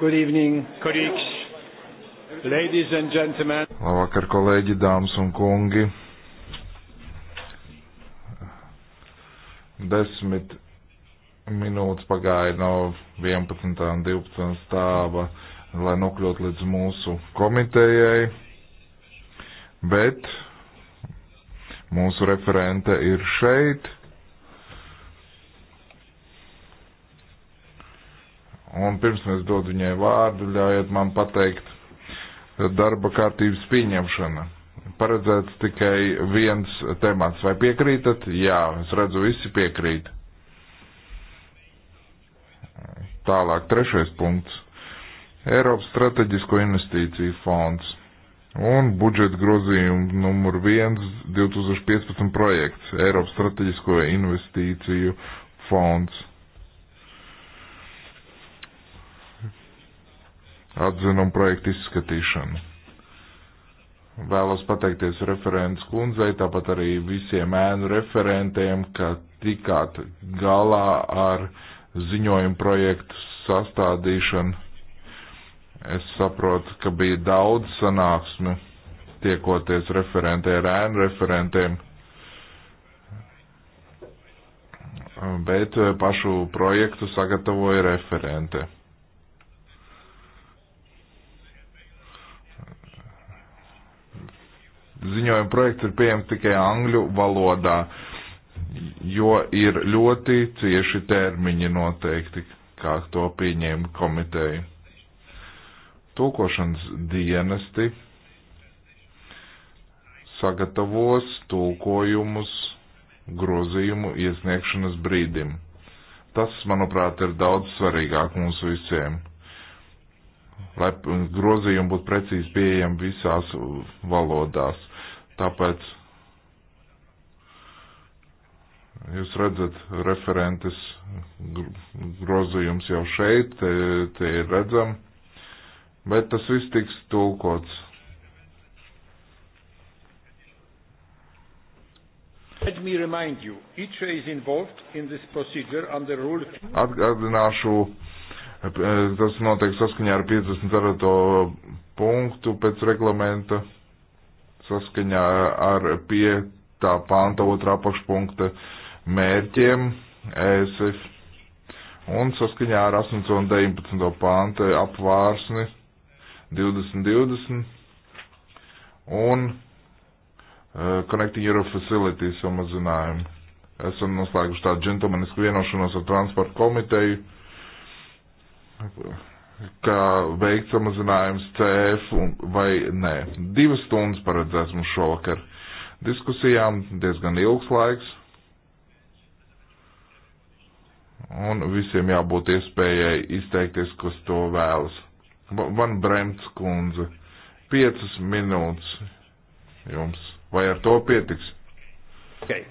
Good evening, colleagues, ladies and gentlemen. Labvakar, kolēģi, dāmas un kungi. Desmit minūtes pagāja no 11. un 12. stāva, lai nokļūtu līdz mūsu komitejai, bet mūsu referente ir šeit Un pirms es dodu viņai vārdu, ļaujiet man pateikt, eh, darba kārtības pieņemšana. Paredzēts tikai viens temats. Vai piekrītat? Jā, es redzu, visi piekrīt. Tālāk, trešais punkts. Eiropas strateģisko investīciju fonds un budžeta grozījuma numur 1 2015 projekts Eiropas strateģisko investīciju fonds. atzinumu projektu izskatīšanu. Vēlos pateikties referents kundzei, tāpat arī visiem ēnu referentiem, ka tikāt galā ar ziņojumu projektu sastādīšanu. Es saprotu, ka bija daudz sanāksmi tiekoties referentē ar ēnu referentiem, bet pašu projektu sagatavoja referente. ziņojuma projekts ir pieejams tikai angļu valodā, jo ir ļoti cieši termiņi noteikti, kā to pieņēma komiteja. Tūkošanas dienesti sagatavos tulkojumus grozījumu iesniegšanas brīdim. Tas, manuprāt, ir daudz svarīgāk mums visiem lai grozījumi būtu precīzi pieejami visās valodās. Tāpēc jūs redzat referentes grozījums jau šeit, te, te ir redzam, bet tas viss tiks tulkots. Let me remind you, ITRE is involved in this procedure under rule. Atgādināšu, eh, tas notiek saskaņā ar 54. punktu pēc reglamenta saskaņā ar 5. panta 2. apakšpunkta mērķiem ESF un saskaņā ar 8. un 19. panta apvārsni 2020 un uh, Connecting Europe Facility samazinājumu. Esam noslēguši tādu džentlmenisku vienošanos ar transporta komiteju ka veikt samazinājums CF un, vai nē. Divas stundas paredzēts mums šovakar diskusijām, diezgan ilgs laiks. Un visiem jābūt iespējai izteikties, kas to vēlas. Van Bremts kundze, piecas minūtes jums. Vai ar to pietiks? Okay.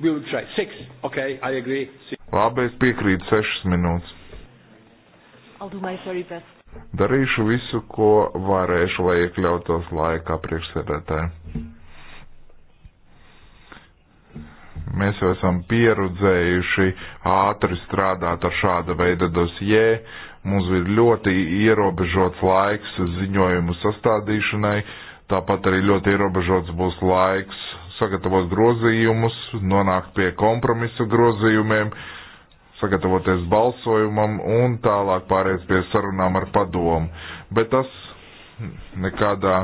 We will try six. Okay, I agree. Six. Labi, es piekrītu sešas minūtes. Darīšu visu, ko varēšu, lai iekļautos laikā priekšsēdētāji. Mēs jau esam pieredzējuši ātri strādāt ar šāda veida dosjē. Mums ir ļoti ierobežots laiks ziņojumu sastādīšanai, tāpat arī ļoti ierobežots būs laiks sagatavot grozījumus, nonākt pie kompromisu grozījumiem. Uh, sagatavoties balsojumam un tālāk pārēc pie sarunām ar padomu. Bet tas hm, nekādā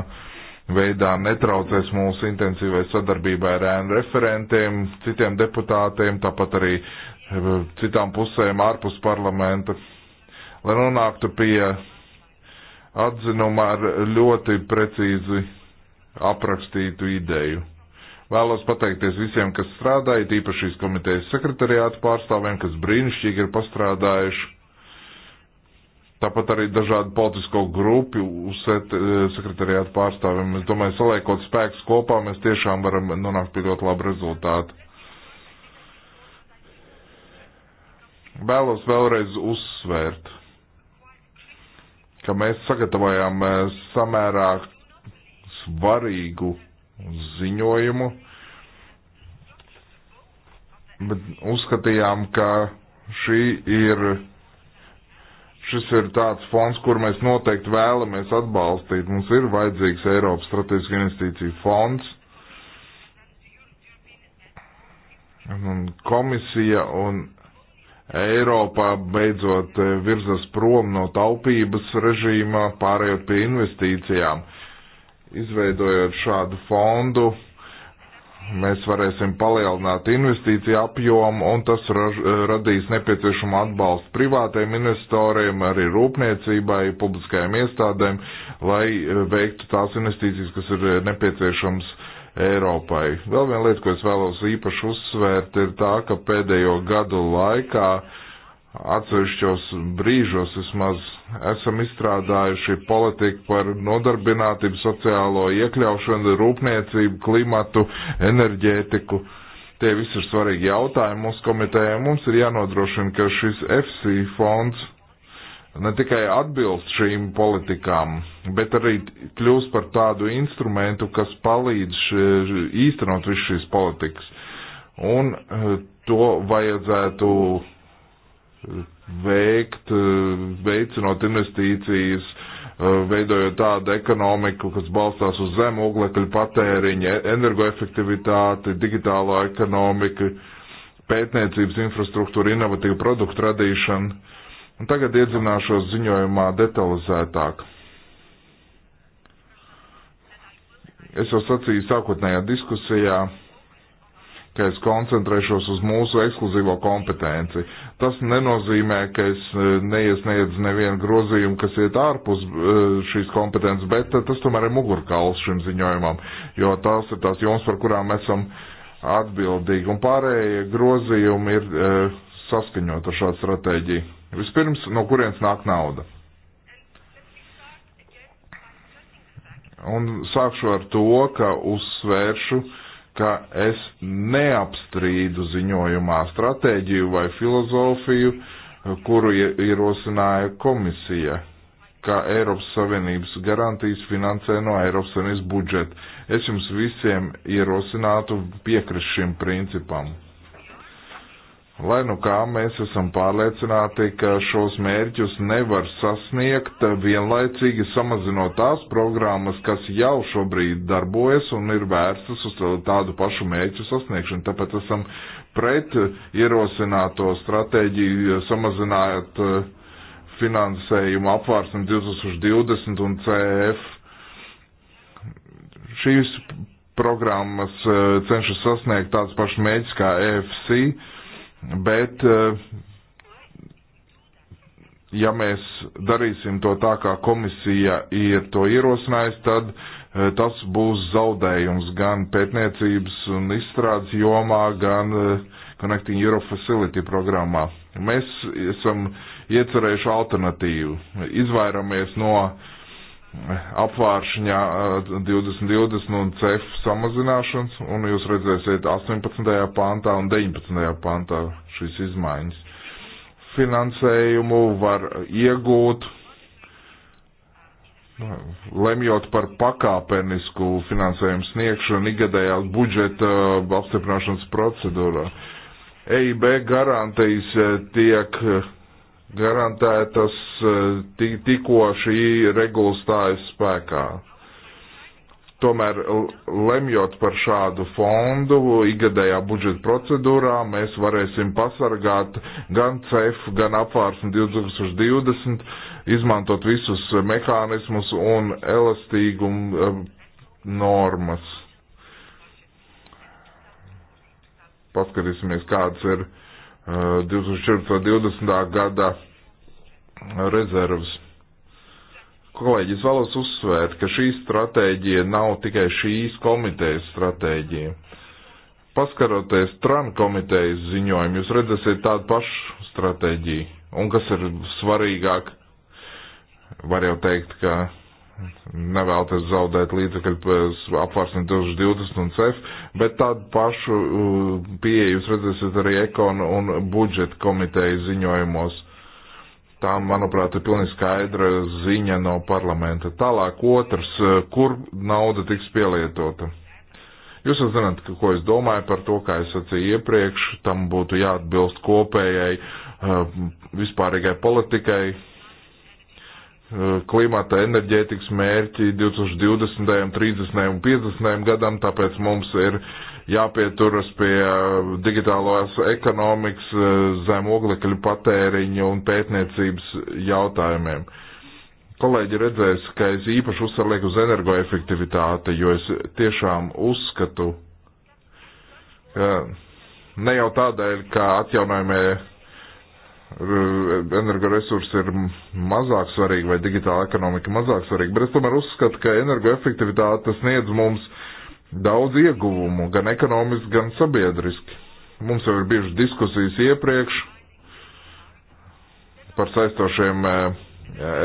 veidā netraucēs mūsu intensīvai sadarbībai ar ēnu referentiem, citiem deputātiem, tāpat arī eh, citām pusēm ārpus parlamenta, lai nonāktu pie atzinuma ar ļoti precīzi aprakstītu ideju. Vēlos pateikties visiem, kas strādāja, tīpaši šīs komitejas sekretariātu pārstāvjiem, kas brīnišķīgi ir pastrādājuši. Tāpat arī dažādu politisko grupu uzsēt eh, sekretariātu pārstāvjiem. Es domāju, saliekot spēkus kopā, mēs tiešām varam nonākt pie ļoti laba rezultāta. Vēlos vēlreiz uzsvērt, ka mēs sagatavojām eh, samērā svarīgu ziņojumu, bet uzskatījām, ka šī ir, šis ir tāds fonds, kur mēs noteikti vēlamies atbalstīt. Mums ir vajadzīgs Eiropas Strateģiski investīciju fonds. Un komisija un Eiropā beidzot virzas prom no taupības režīma, pārējot pie investīcijām izveidojot šādu fondu, mēs varēsim palielināt investīciju apjomu un tas raž, radīs nepieciešamu atbalstu privātiem investoriem, arī rūpniecībai, publiskajām iestādēm, lai eh, veiktu tās investīcijas, kas ir eh, nepieciešams Eiropai. Vēl viena lieta, ko es vēlos īpaši uzsvērt, ir tā, ka pēdējo gadu laikā uh, atsevišķos brīžos vismaz esam izstrādājuši politiku par nodarbinātību, sociālo iekļaušanu, rūpniecību, klimatu, enerģētiku. Tie visi ir svarīgi jautājumi mūsu komitējai. Mums ir jānodrošina, ka šis FC fonds ne tikai atbilst šīm politikām, bet arī kļūst par tādu instrumentu, kas palīdz īstenot visu šīs politikas. Un eh, to vajadzētu veikt, veicinot investīcijas, eh, veidojot tādu ekonomiku, kas balstās uz zemu oglekļu patēriņu, energoefektivitāti, digitālo ekonomiku, pētniecības infrastruktūru, inovatīvu produktu radīšanu. Un tagad iedzināšos ziņojumā detalizētāk. Es jau sacīju sākotnējā diskusijā ka es koncentrēšos uz mūsu ekskluzīvo kompetenci. Tas nenozīmē, ka es e, neiesniedzu nevienu grozījumu, kas iet ārpus e, šīs kompetences, bet e, tas tomēr ir mugurkauls šim ziņojumam, jo tās ir tās joms, par kurām esam atbildīgi, un pārējie grozījumi ir saskaņot ar šādu stratēģiju. Vispirms, no kurienes nāk nauda? Un sākšu ar to, ka uzsvēršu, uh, ka es neapstrīdu ziņojumā stratēģiju vai filozofiju, kuru ierosināja komisija, ka Eiropas Savienības garantijas finansē no Eiropas Savienības budžeta. Es jums visiem ierosinātu piekrist šim principam. Lai nu kā mēs esam pārliecināti, ka šos mērķus nevar sasniegt, vienlaicīgi samazinot tās programmas, kas jau šobrīd darbojas un ir vērstas uz tādu pašu mērķu sasniegšanu. Tāpēc esam pret ierosināto stratēģiju samazināt eh, finansējumu apvārsni 2020 un CF. Šīs programmas eh, cenšas sasniegt tāds pašs mērķis kā EFC Bet, eh, ja mēs darīsim to tā, kā komisija ir to ierosinājusi, tad eh, tas būs zaudējums gan pētniecības un izstrādes jomā, gan eh, Connecting Europe Facility programmā. Mēs esam iecerējuši alternatīvu. Izvairamies no uh, apvāršņā 2020 eh, un CEF samazināšanas, un jūs redzēsiet 18. pāntā un 19. pāntā šīs izmaiņas. Finansējumu var iegūt, lemjot par pakāpenisku finansējumu sniegšanu igadējā budžeta eh, apstiprināšanas procedūrā. EIB garantijas eh, tiek garantētas e, tikko šī regula stājas spēkā. Tomēr, lemjot par šādu fondu ikgadējā budžeta procedūrā, mēs varēsim pasargāt gan CEF, gan apvārsni 2020, izmantot visus mehānismus un elastīgumu e, normas. Paskatīsimies, kāds ir uh, 2014. Uh, gada rezervas. Kolēģi, es vēlos uzsvērt, ka šī stratēģija nav tikai šīs komitejas stratēģija. Paskaroties TRAN komitejas ziņojumu, jūs redzēsiet tādu pašu stratēģiju. Un kas ir svarīgāk, var jau teikt, ka nevēlaties zaudēt līdzekļus apvārsni 2020 un CEF, bet tādu pašu uh, pieeju jūs redzēsiet arī ekonu un budžeta komiteju ziņojumos. Tā, manuprāt, ir pilnīgi skaidra ziņa no parlamenta. Tālāk otrs, uh, kur nauda tiks pielietota. Jūs jau zināt, ko es domāju par to, kā es sacīju iepriekš, tam būtu jāatbilst kopējai uh, vispārīgai politikai, klimata enerģētikas mērķi 2020., 30. un 50. gadam, tāpēc mums ir jāpieturas pie uh, digitālās ekonomikas, uh, zem oglekļu patēriņa un pētniecības jautājumiem. Kolēģi redzēs, ka es īpaši uzsarlieku uz energoefektivitāti, jo es tiešām uzskatu, ka ne jau tādēļ, ka atjaunojumie energoresursi ir mazāk svarīgi vai digitāla ekonomika mazāk svarīga, bet es tomēr uzskatu, ka energoefektivitāte sniedz mums daudz ieguvumu, gan ekonomiski, gan sabiedriski. Mums jau ir bijušas diskusijas iepriekš par saistošiem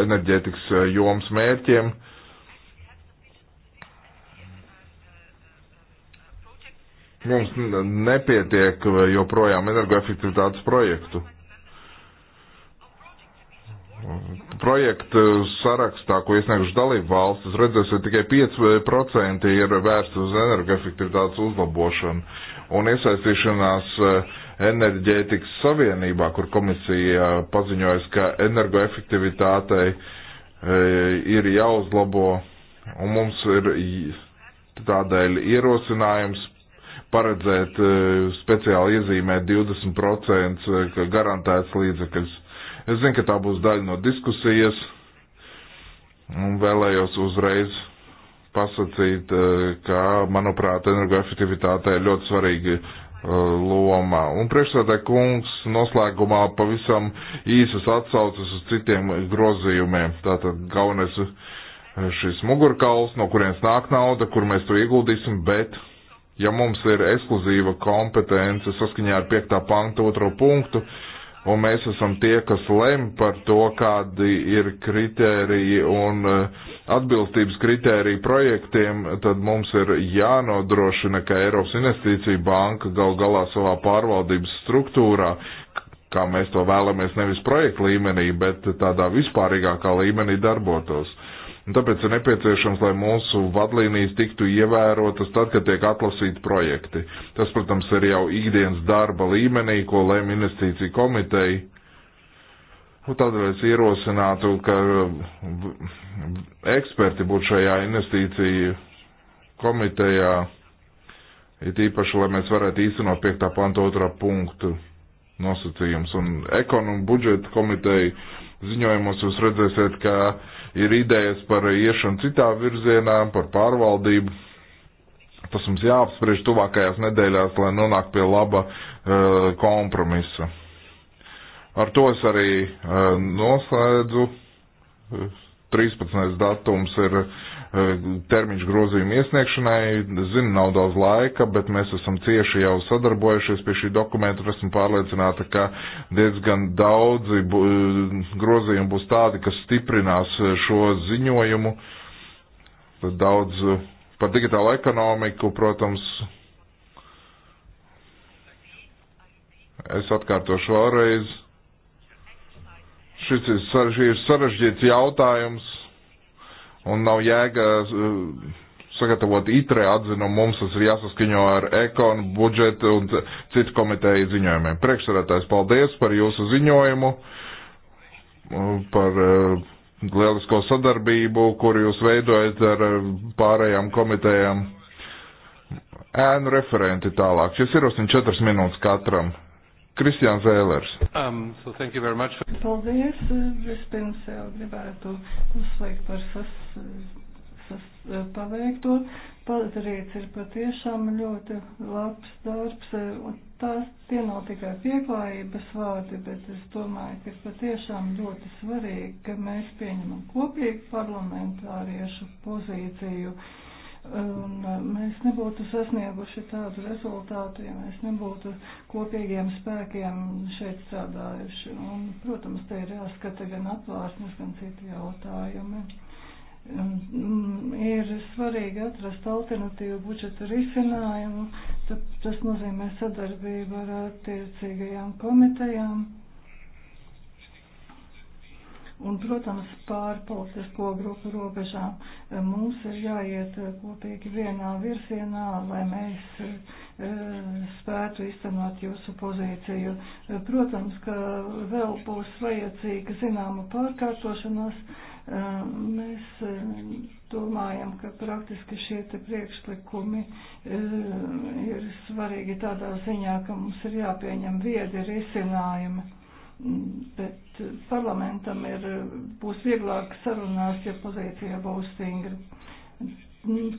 enerģētikas joms mērķiem. Mums nepietiek joprojām energoefektivitātes projektu projektu sarakstā, ko iesniegšu dalību valstis, redzēsiet, tikai 5% ir vērsts uz energoefektivitātes uzlabošanu un iesaistīšanās eh, enerģētikas savienībā, kur komisija paziņojas, ka energoefektivitātei eh, ir jāuzlabo, un mums ir tādēļ ierosinājums paredzēt eh, speciāli iezīmēt 20% garantēts līdzekļus Es zinu, ka tā būs daļa no diskusijas, un vēlējos uzreiz pasakīt, eh, ka, manuprāt, energoefektivitātē ir ļoti svarīga eh, loma. Un priekšsēdē kungs noslēgumā pavisam īsas atsaucas uz citiem grozījumiem. Tātad galvenais eh, šis mugurkauls, no kurienes nāk nauda, kur mēs to ieguldīsim, bet ja mums ir ekskluzīva kompetence saskaņā ar 5. pantu otro punktu, uh, un mēs esam tie, kas lem par to, kādi ir kritēriji un eh, atbilstības kritēriji projektiem, tad mums ir jānodrošina, ka Eiropas investīcija banka gal galā savā pārvaldības struktūrā, kā mēs to vēlamies nevis projektu līmenī, bet tādā vispārīgākā līmenī darbotos. Uh, Un tāpēc ir nepieciešams, lai mūsu vadlīnijas tiktu ievērotas tad, kad tiek atlasīti projekti. Tas, protams, ir jau ikdienas darba līmenī, ko lēma investīcija komiteja. Un tādēļ es ierosinātu, ka eksperti būtu šajā investīciju komitejā, it īpaši, lai mēs varētu īstenot 5. panta otrā punktu nosacījums. Un ekonomu budžeta komiteja ziņojumos jūs redzēsiet, ka ir idejas par iešanu citā virzienā, par pārvaldību. Tas mums jāapspriež tuvākajās nedēļās, lai nonāktu pie laba uh, kompromisa. Ar to es arī uh, noslēdzu. 13. E, datums ir uh, Eh, termiņš grozījuma iesniegšanai. Zinu, nav daudz laika, bet mēs esam cieši jau sadarbojušies pie šī dokumenta. Esmu pārliecināta, ka diezgan daudzi eh, grozījumi būs tādi, kas stiprinās eh, šo ziņojumu. Tad daudz par digitālu ekonomiku, protams, es atkārtošu vēlreiz. Šis ir, šī ir sarežģīts jautājums, un nav jēga eh, sagatavot itre atzinumu, mums tas ir jāsaskaņo ar ekonu, budžetu un citu komiteju ziņojumiem. Priekšsarētājs, paldies par jūsu ziņojumu, eh, par eh, lielisko sadarbību, kur jūs veidojat ar pārējām komitejām. Ēnu referenti tālāk. Šis ir 4 minūtes katram. Kristiāns Zēlers. Um, so thank you very much. Paldies. Vispirms jau gribētu uzsveikt par sas, sas, paveikto. Padarīts ir patiešām ļoti labs darbs. Un tās tie nav tikai pieklājības vārdi, bet es domāju, ka ir patiešām ļoti svarīgi, ka mēs pieņemam kopīgu parlamentāriešu pozīciju. Uh, Un eh, mēs nebūtu sasnieguši tādu rezultātu, ja mēs nebūtu kopīgiem spēkiem šeit strādājuši. Un, protams, te ir jāskata gan apvārsnes, gan citi jautājumi. Mm, ir svarīgi atrast alternatīvu budžeta risinājumu, tas nozīmē sadarbību ar attiecīgajām komitejām un, protams, pār politisko grupu robežām. Eh, mums ir jāiet eh, kopīgi vienā virsienā, lai mēs eh, spētu iztenot jūsu pozīciju. Protams, ka vēl būs vajadzīga zināma pārkārtošanās. Mēs domājam, ka praktiski šie te priekšlikumi ir svarīgi tādā ziņā, ka mums ir jāpieņem viedi risinājumi bet parlamentam ir, būs vieglāk sarunās, ja pozīcija būs stingra.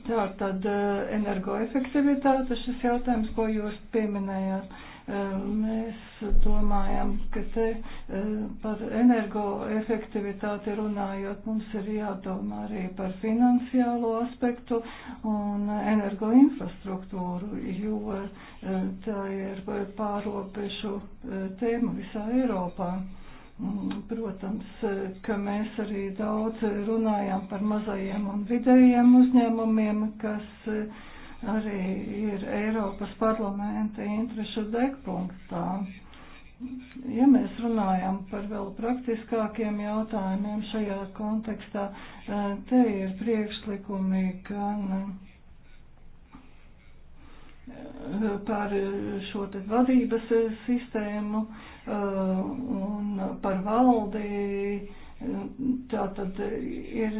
Tā tad eh, energoefektivitāte, šis jautājums, ko jūs pieminējāt, Mēs domājam, ka te eh, par energoefektivitāti runājot, mums ir jādomā arī par finansiālo aspektu un energoinfrastruktūru, jo eh, tā ir pārobežu eh, tēma visā Eiropā. Mm, protams, ka mēs arī daudz runājām par mazajiem un vidējiem uzņēmumiem, kas arī ir Eiropas parlamenta interešu degpunktā. Ja mēs runājam par vēl praktiskākiem jautājumiem šajā kontekstā, eh, te ir priekšlikumi gan eh, par šo te vadības sistēmu eh, un par valdību Nu, tā tad ir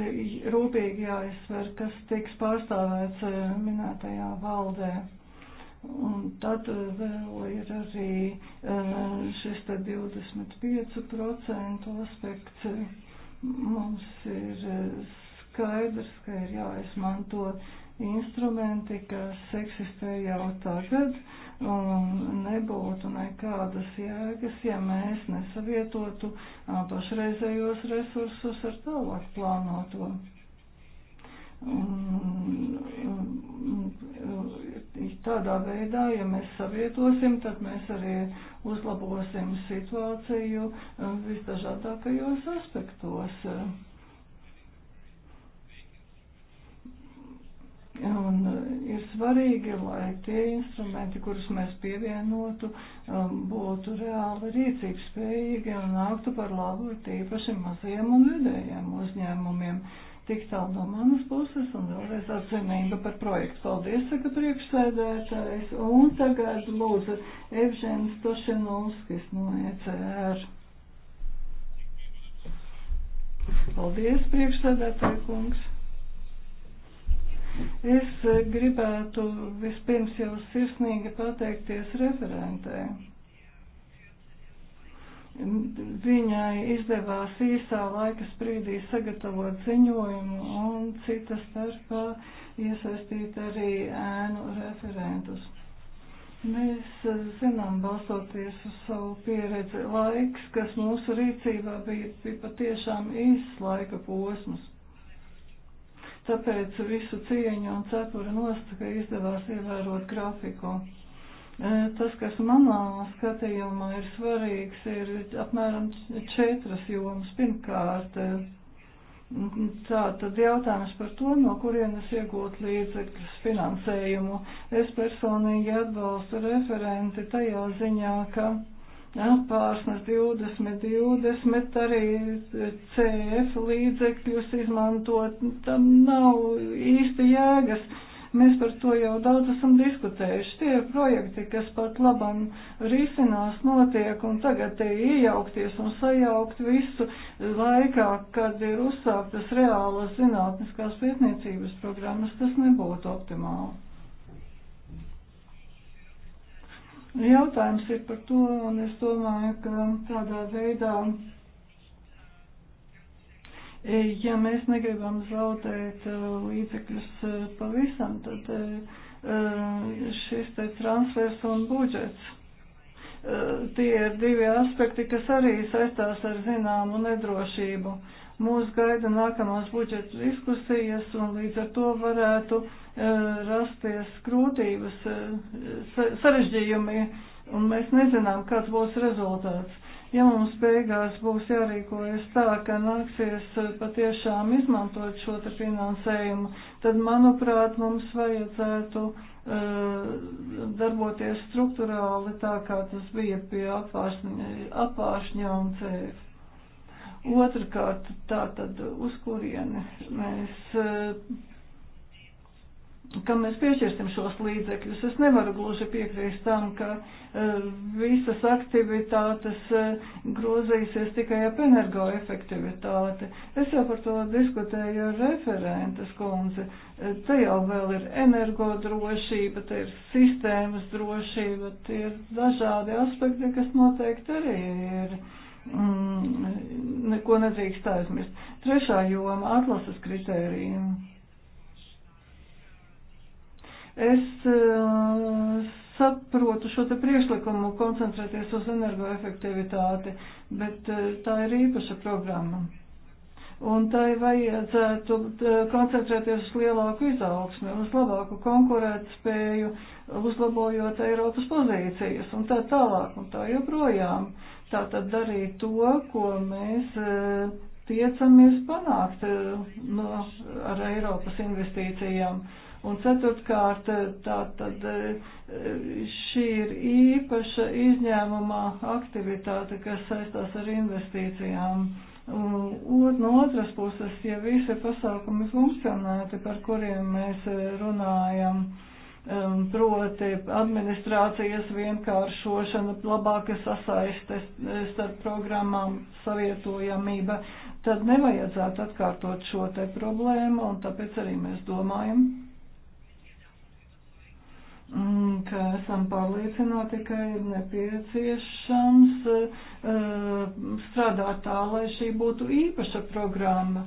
rūpīgi jāizsver, kas tiks pārstāvēts eh, minētajā valdē. Un tad eh, vēl ir arī eh, šis 25% aspekts. Mums ir skaidrs, ka ir jāizmanto instrumenti, kas eksistē jau tagad un nebūtu nekādas jēgas, ja mēs nesavietotu pašreizējos resursus ar tālāk plānoto. Tādā veidā, ja mēs savietosim, tad mēs arī uzlabosim situāciju visdažādākajos aspektos. svarīgi, lai tie instrumenti, kurus mēs pievienotu, um, būtu reāli rīcības spējīgi un nāktu par labu tīpaši mazajiem un vidējiem uzņēmumiem. Tik tālu no manas puses un vēlreiz atzinība par projektu. Paldies, saka priekšsēdētājs. Un tagad lūdzu Evžēns Tošenovskis no ECR. Paldies, priekšsēdētāji kungs. Es eh, gribētu vispirms jau sirsnīgi pateikties referentē. Viņai izdevās īsā laika sprīdī sagatavot ziņojumu un cita starpā iesaistīt arī ēnu referentus. Mēs eh, zinām, balstoties uz savu pieredzi, laiks, kas mūsu rīcībā bija, bija patiešām īsts laika posms. Tāpēc visu cieņu un cepura nostaka izdevās ievērot grafiku. E, tas, kas manā skatījumā ir svarīgs, ir apmēram četras jomas. Pirmkārt, Tā tad jautājums par to, no kurienes iegūt līdzekļus finansējumu. Es personīgi atbalstu referenti tajā ziņā, ka apārsnes 2020 arī CF līdzekļus izmantot, tam nav īsti jēgas. Mēs par to jau daudz esam diskutējuši. Tie ir projekti, kas pat labam risinās, notiek, un tagad te iejaukties un sajaukt visu laikā, kad ir uzsāktas reālas zinātniskās pētniecības programmas, tas nebūtu optimāli. Jautājums ir par to, un es domāju, ka tādā veidā, e, ja mēs negribam zaudēt e, līdzekļus e, pavisam, tad šis te transfers un budžets. Tie ir divi aspekti, kas arī saistās ar zināmu nedrošību. Mūs gaida nākamās budžeta diskusijas, un līdz ar to varētu uh, Eh, rasties grūtības, eh, sarežģījumi, un mēs nezinām, kāds būs rezultāts. Ja mums beigās būs jārīkojas tā, ka nāksies eh, patiešām izmantot šo te finansējumu, tad, manuprāt, mums vajadzētu darboties struktūrāli tā, kā tas bija pie apāršņa, apāršņa un cēv. Otrakārt, tā tad uz kurieni mēs kam mēs piešķirsim šos līdzekļus. Es nevaru gluži piekrīst tam, ka uh, visas aktivitātes uh, grozīsies tikai ap energoefektivitāti. Es jau par to diskutēju ar referentes kundzi. Uh, te jau vēl ir energodrošība, te ir sistēmas drošība, tie ir dažādi aspekti, kas noteikti arī ir. Mm, neko nedrīkst aizmirst. Trešā joma - atlases kritērija. Es uh, saprotu šo te priekšlikumu koncentrēties uz energoefektivitāti, bet uh, tā ir īpaša programma. Un tai vajadzētu eh, koncentrēties uz lielāku izaugsmi, uz labāku konkurētspēju, uzlabojot Eiropas pozīcijas un tā tālāk un tā joprojām. Tā tad darīt to, ko mēs tiecamies panākt no, ar Eiropas investīcijām. Uh, Un ceturtkārt, tā tad eh, šī ir īpaša izņēmumā aktivitāte, kas saistās ar investīcijām. Un no otras puses, ja visi pasākumi funkcionēti, par kuriem mēs runājam, um, proti administrācijas vienkāršošana, labāka sasaiste starp programmām, savietojamība, tad nevajadzētu atkārtot šo te problēmu, un tāpēc arī mēs domājam, ka esam pārliecināti, ka ir nepieciešams eh, strādāt tā, lai šī būtu īpaša programma.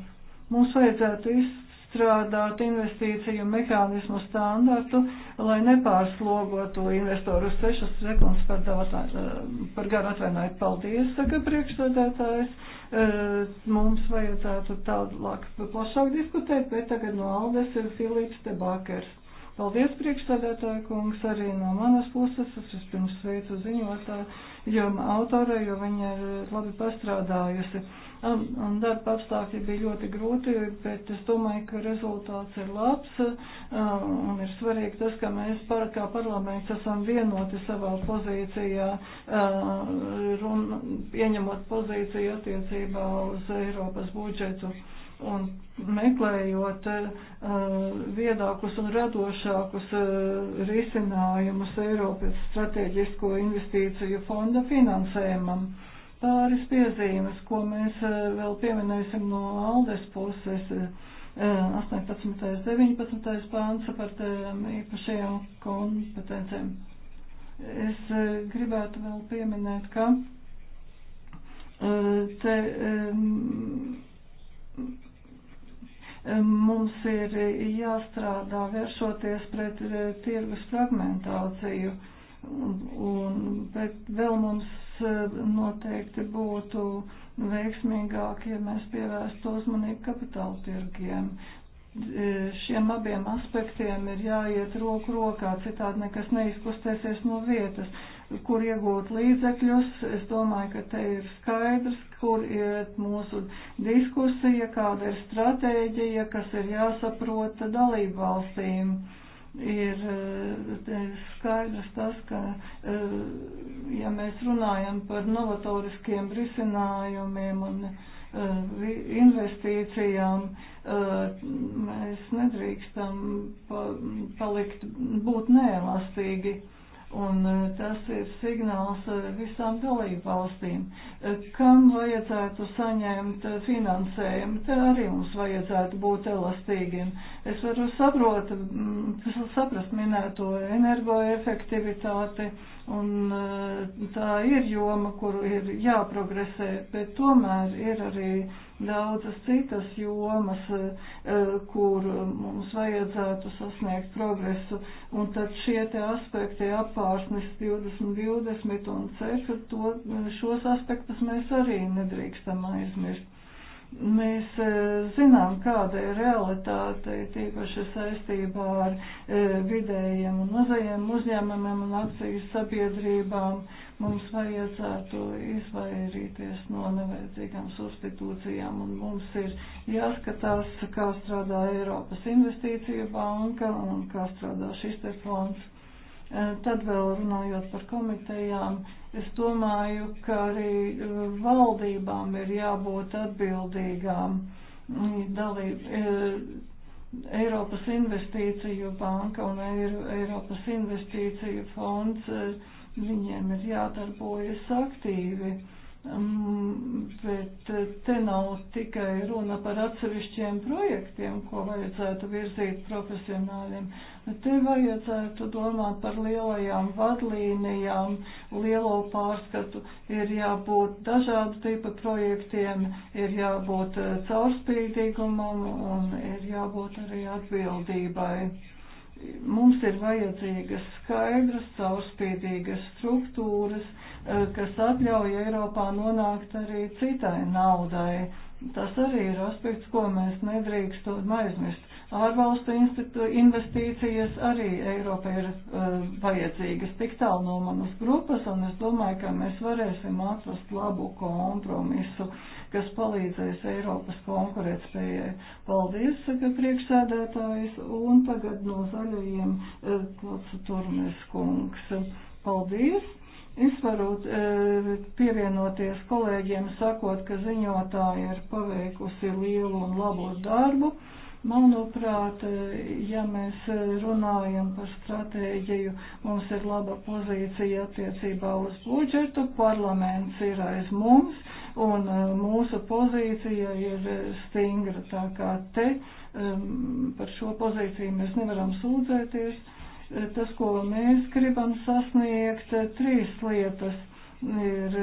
Mums vajadzētu izstrādāt investīciju mehānismu standartu, lai nepārslogotu investorus sešas sekundes par, datā, eh, par garu atvainojiet. Paldies, saka priekšstādātājs eh, mums vajadzētu tālāk plašāk diskutēt, bet tagad no Aldes ir Filips Tebakers. Paldies, priekšsēdētāja kungs, arī no manas puses. Es vispirms sveicu ziņotāju autorei, jo viņa ir eh, labi pastrādājusi. Un, un darba apstākļi bija ļoti grūti, bet es domāju, ka rezultāts ir labs. Eh, un ir svarīgi tas, ka mēs par, kā parlaments esam vienoti savā pozīcijā, eh, run, pieņemot pozīciju attiecībā uz Eiropas budžetu un meklējot eh, eh, viedākus un radošākus eh, risinājumus Eiropas strateģisko investīciju fonda finansējumam. Pāris piezīmes, ko mēs vēl pieminēsim no Aldes puses. 18. un 19. pāns par tām īpašajām kompetencēm. Es gribētu vēl pieminēt, ka te Mums ir jāstrādā vēršoties pret eh, tirgus fragmentāciju, un, bet vēl mums eh, noteikti būtu veiksmīgāk, ja mēs pievērstu uzmanību kapitāla tirgiem. Eh, šiem abiem aspektiem ir jāiet roku rokā, citādi nekas neizkustēsies no vietas kur iegūt līdzekļus. Es domāju, ka te ir skaidrs, kur iet mūsu diskusija, kāda ir stratēģija, kas ir jāsaprota dalību valstīm. Eh, ir skaidrs tas, ka, eh, ja mēs runājam par novatoriskiem risinājumiem un eh, investīcijām, mēs nedrīkstam palikt, būt neelastīgi Un e, tas ir signāls e, visām dalību valstīm, e, kam vajadzētu saņemt finansējumu. Te arī mums vajadzētu būt elastīgiem. Es varu saprot, saprast minēto energoefektivitāti. efektivitāti Un eh, tā ir joma, kuru ir jāprogresē, bet tomēr ir arī daudzas citas jomas, eh, kur mums vajadzētu sasniegt progresu. Un tad šie te aspekti apārsnes 2020 un ceļu, eh, šos aspektus mēs arī nedrīkstam aizmirst. Mēs e, zinām, kāda ir realitāte tīpaši saistībā ar e, vidējiem un mazajiem uzņēmumiem un akcijas sabiedrībām. Mums vajadzētu izvairīties no nevajadzīgām substitūcijām un mums ir jāskatās, kā strādā Eiropas investīcija banka un kā strādā šis te fonds. Eh, tad vēl runājot par komitejām, es domāju, ka arī eh, valdībām ir jābūt atbildīgām mm, dalību. Eh, Eiropas investīciju banka un Eiropas investīciju fonds, viņiem ir jādarbojas aktīvi Mm, bet eh, te nav tikai runa par atsevišķiem projektiem, ko vajadzētu virzīt profesionāļiem. Te vajadzētu domāt par lielajām vadlīnijām, lielo pārskatu. Ir jābūt dažādu tipu projektiem, ir jābūt eh, caurspīdīgumam un ir jābūt arī atbildībai. Mums ir vajadzīgas skaidras, caurspīdīgas struktūras Eh, kas atļauj Eiropā nonākt arī citai naudai. Tas arī ir aspekts, ko mēs nedrīkstam aizmirst. Ārvalstu investīcijas arī Eiropai ir uh, vajadzīgas tik tālu no manas grupas, un es domāju, ka mēs varēsim atrast labu kompromisu, kas palīdzēs Eiropas konkurētspējai. Paldies, saka priekšsēdētājs, un tagad no zaļajiem uh, eh, kāds turmes kungs. Paldies! Es varu e, pievienoties kolēģiem sakot, ka ziņotāja ir paveikusi lielu un labu darbu. Manuprāt, e, ja mēs runājam par stratēģiju, mums ir laba pozīcija attiecībā uz budžetu, parlaments ir aiz mums un e, mūsu pozīcija ir stingra. Tā kā te um, par šo pozīciju mēs nevaram sūdzēties tas, ko mēs gribam sasniegt, trīs lietas. Ir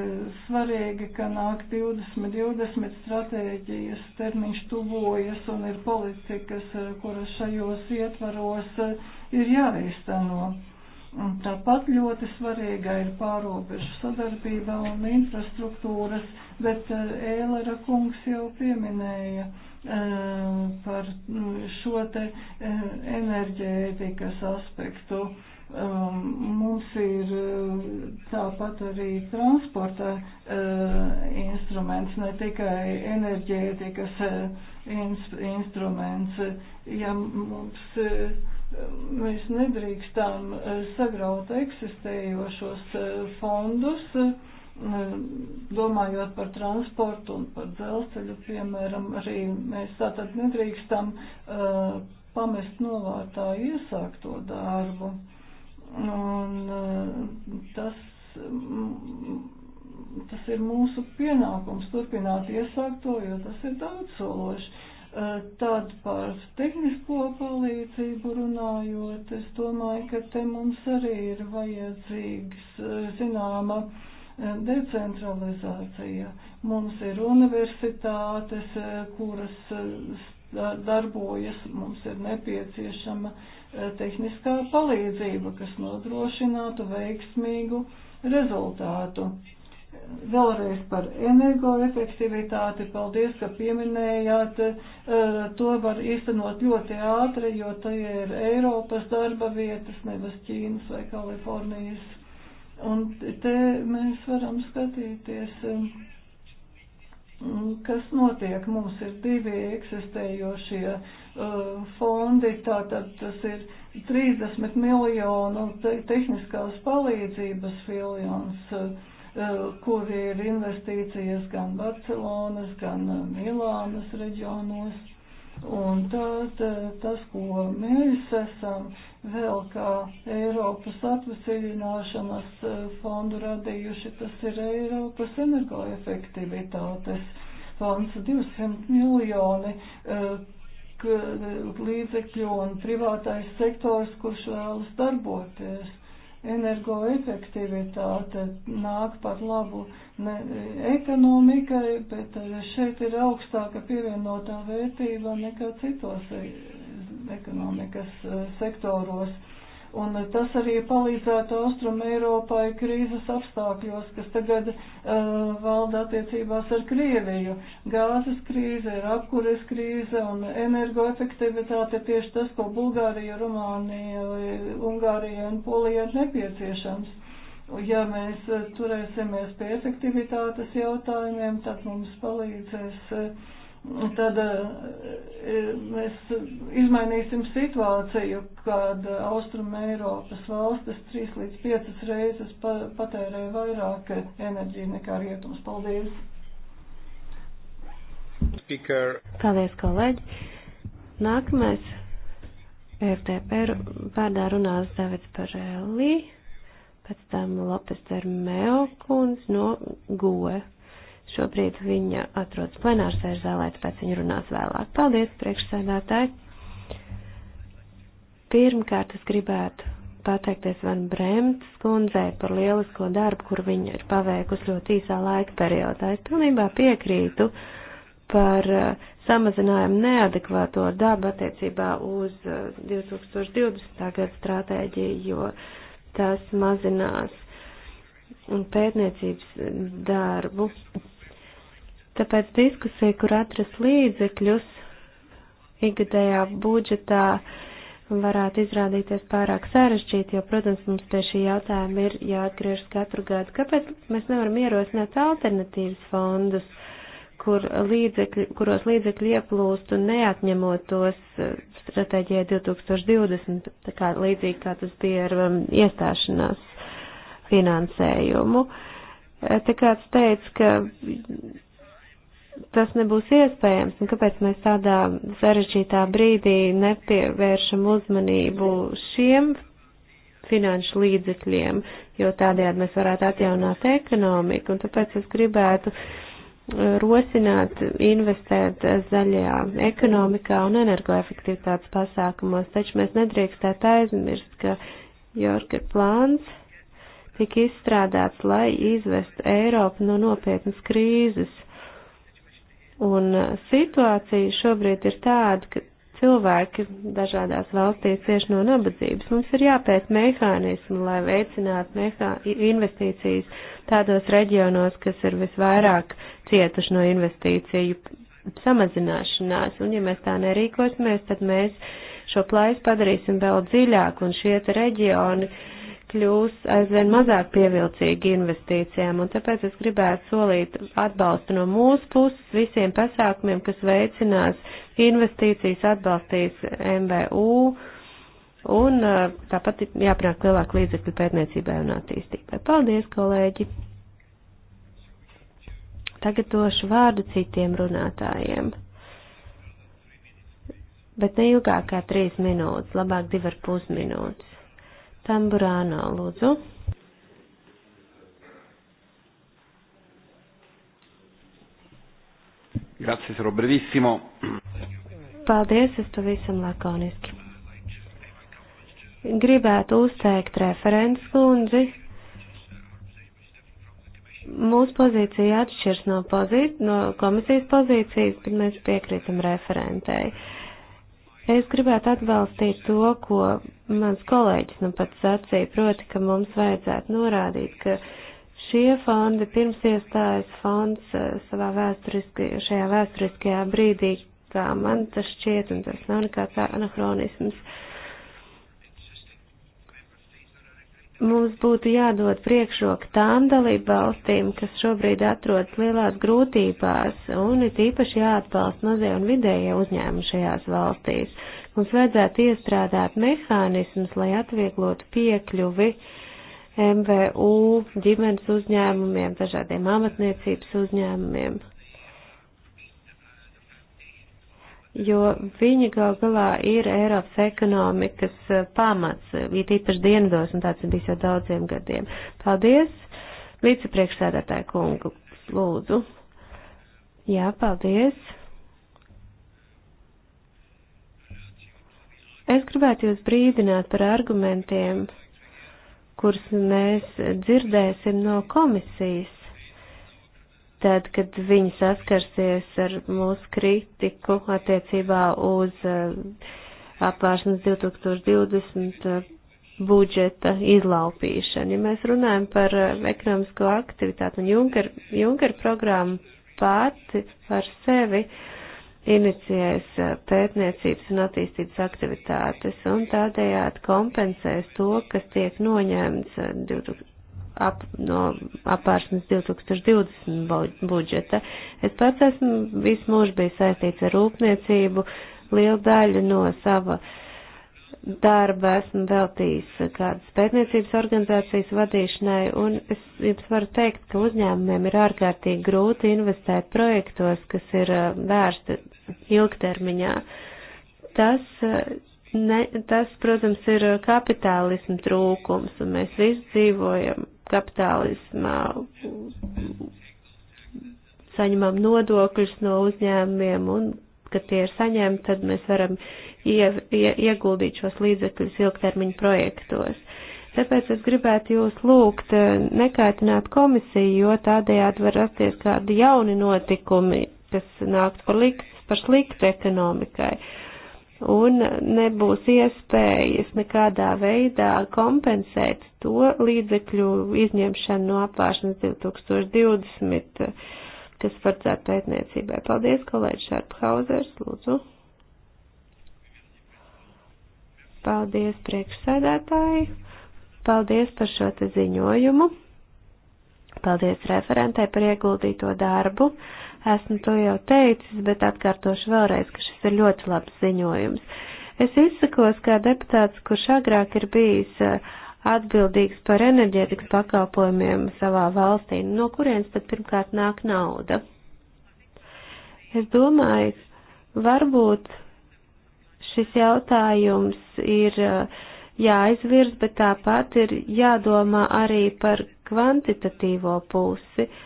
svarīgi, ka nāk 2020 stratēģijas termiņš tuvojas un ir politikas, kuras šajos ietvaros ir jāizteno. Un tāpat ļoti svarīga ir pārobežu sadarbība un infrastruktūras, bet eh, Ēlera kungs jau pieminēja Eh, par nu, šo te eh, enerģētikas aspektu. Um, mums ir eh, tāpat arī transporta instruments, ne tikai enerģētikas instruments. Ja mums mēs nedrīkstām sagraut eksistējošos fondus, Eh, domājot par transportu un par dzelzceļu, piemēram, arī mēs tātad nedrīkstam uh, pamest novārtā iesākto darbu. Un uh, tas, mm, tas ir mūsu pienākums turpināt iesākto, jo tas ir daudz sološi. Uh, tad par tehnisko palīdzību runājot, es domāju, ka te mums arī ir vajadzīgs zināma uh, Eh, decentralizācija. Mums ir universitātes, eh, kuras eh, darbojas, mums ir nepieciešama tehniskā palīdzība, kas nodrošinātu veiksmīgu rezultātu. Vēlreiz par energoefektivitāti. Paldies, ka pieminējāt. To var īstenot ļoti ātri, jo tie ir Eiropas darba vietas, nevis Ķīnas vai Kalifornijas Un te mēs varam skatīties, um, kas notiek. Mums ir divi eksistējošie uh, fondi, tātad tas ir 30 miljonu te tehniskās palīdzības filions. Uh, kur ir investīcijas gan Barcelonas, gan uh, Milānas reģionos. Un tad eh, tas, ko mēs esam vēl kā Eiropas atvesaļināšanas eh, fondu radījuši, tas ir Eiropas energoefektivitātes fonds 200 miljoni eh, līdzekļu un privātais sektors, kurš vēlas darboties energoefektivitāte nāk par labu ne ekonomikai, bet šeit ir augstāka pievienotā vērtība nekā citos e, ekonomikas e, sektoros Un tas arī palīdzētu Austrum Eiropai krīzes apstākļos, kas tagad uh, valda attiecībās ar Krieviju. Gāzes krīze ir apkures krīze un energoefektivitāte tieši tas, ko Bulgārija, Rumānija, Ungārija un Polija ir nepieciešams. Ja mēs uh, turēsimies pie efektivitātes jautājumiem, tad mums palīdzēs. Uh, tad e, e, mēs izmainīsim situāciju, kad Austrum Eiropas valstis trīs līdz piecas reizes patērē vairāk enerģiju nekā rietums. Paldies! Speaker. Paldies, kolēģi! Nākamais FDP vārdā runās Davids Parelli, pēc tam Lopes Termeo kundz no GOE. Šobrīd viņa atrodas plenārsēžu zālē, tāpēc viņa runās vēlāk. Paldies, priekšsēdētāji! Pirmkārt, es gribētu pateikties Van Bremts kundzei par lielisko darbu, kur viņa ir paveikusi ļoti īsā laika periodā. Es pilnībā piekrītu par uh, samazinājumu neadekvāto dabu attiecībā uz 2020. Uh, gada stratēģiju, jo tas mazinās pētniecības darbu Tāpēc diskusija, kur atrast līdzekļus ikgadējā budžetā, varētu izrādīties pārāk sarežģīti, jo, protams, mums pie šī jautājuma ir jāatgriežas katru gadu. Kāpēc mēs nevaram ierosināt alternatīvas fondus, kur līdzekļi, kuros līdzekļi ieplūst un neatņemot tos eh, stratēģijai 2020, tā kā līdzīgi kā tas bija ar um, iestāšanās finansējumu? Eh, te kāds teica, ka tas nebūs iespējams, un kāpēc mēs tādā sarežģītā brīdī nepievēršam uzmanību šiem finanšu līdzekļiem, jo tādējādi mēs varētu atjaunāt ekonomiku, un tāpēc es gribētu eh, rosināt, investēt zaļajā ekonomikā un energoefektivitātes pasākumos, taču mēs nedrīkstētu aizmirst, ka Jorka plāns tika izstrādāts, lai izvestu Eiropu no nopietnas krīzes Un situācija šobrīd ir tāda, ka cilvēki dažādās valstīs cieši no nabadzības. Mums ir jāpēc mehānismi, lai veicinātu mehā... investīcijas tādos reģionos, kas ir visvairāk cietuši no investīciju samazināšanās. Un ja mēs tā nerīkosimies, tad mēs šo plaisu padarīsim vēl dziļāk un šie reģioni. Uh, kļūs aizvien mazāk pievilcīgi investīcijām, un tāpēc es gribētu solīt atbalstu no mūsu puses visiem pasākumiem, kas veicinās investīcijas, atbalstīs MBU, un uh, tāpat jāpanāk lielāku līdzekļu pētniecībai un attīstībai. Paldies, kolēģi! Tagad došu vārdu citiem runātājiem. Bet ne ilgāk kā trīs minūtes, labāk divi ar pus minūtes. Tamburāno, lūdzu. Grazie, sarò brevissimo. Paldies, es pavisam lakoniski. Gribētu uzteikt referents kundzi. Mūsu pozīcija atšķirs no, pozī... no komisijas pozīcijas, bet mēs piekrītam referentei. Es gribētu atbalstīt to, ko mans kolēģis nu pat sacīja, proti, ka mums vajadzētu norādīt, ka šie fondi pirms iestājas fonds eh, savā vēsturiski, šajā vēsturiskajā brīdī, kā man tas šķiet, un tas nav nekāds anahronisms. Mums būtu jādod priekšroka tām dalību valstīm, kas šobrīd atrodas lielās grūtībās, un it īpaši jāatbalsta mazie un vidējie uzņēmumi šajās valstīs Mums vajadzētu iestrādāt mehānismus, lai atvieglotu piekļuvi MVU ģimenes uzņēmumiem, dažādiem amatniecības uzņēmumiem, jo viņi gal galā ir Eiropas ekonomikas pamats, ir īpaši dienvidos, un tāds ir bijis jau daudziem gadiem. Paldies, vicepriekšsēdētāja kungu, lūdzu. Jā, paldies. Es gribētu jūs brīdināt par argumentiem, kurus mēs dzirdēsim no komisijas, tad, kad viņi saskarsies ar mūsu kritiku attiecībā uz eh, apvāršanas 2020 eh, budžeta izlaupīšanu. Ja mēs runājam par eh, ekonomisko aktivitātu un Junker, Junker programmu pati par sevi, uh, inicijēs eh, pētniecības un attīstības aktivitātes un tādējādi kompensēs to, kas tiek noņemts 2000, eh, ap, no apārsnes 2020 budžeta. Es pats esmu visu mūžu bijis saistīts ar rūpniecību, lielu daļu no sava uh, darba esmu veltījis kādas pētniecības organizācijas vadīšanai, un es jums varu teikt, ka uzņēmumiem ir ārkārtīgi grūti investēt projektos, kas ir uh, vērsti ilgtermiņā. Tas, uh, ne, tas, protams, ir kapitālismu trūkums, un mēs visi dzīvojam kapitālismā, saņemam nodokļus no uzņēmumiem un kad tie ir saņemti, tad mēs varam ie, ie, ieguldīt šos līdzekļus ilgtermiņu projektos. Tāpēc es gribētu jūs lūgt eh, nekaitināt komisiju, jo tādējādi var rasties kādi jauni notikumi, kas nāks par, likts, par sliktu ekonomikai. Un nebūs iespējas nekādā veidā kompensēt to līdzekļu izņemšanu no apvāršanas 2020 kas paredzēta pētniecībai. Paldies, kolēģi Šarphauzers, lūdzu. Paldies, priekšsēdētāji. Paldies par šo te ziņojumu. Paldies referentai par ieguldīto darbu. Esmu to jau teicis, bet atkārtošu vēlreiz, ka šis ir ļoti labs ziņojums. Es izsakos kā deputāts, kurš agrāk ir bijis uh, atbildīgs par enerģētikas pakalpojumiem savā valstī, no kurienes tad pirmkārt nāk nauda. Es domāju, varbūt šis jautājums ir uh, jāizvirz, bet tāpat ir jādomā arī par kvantitatīvo pusi. Uh,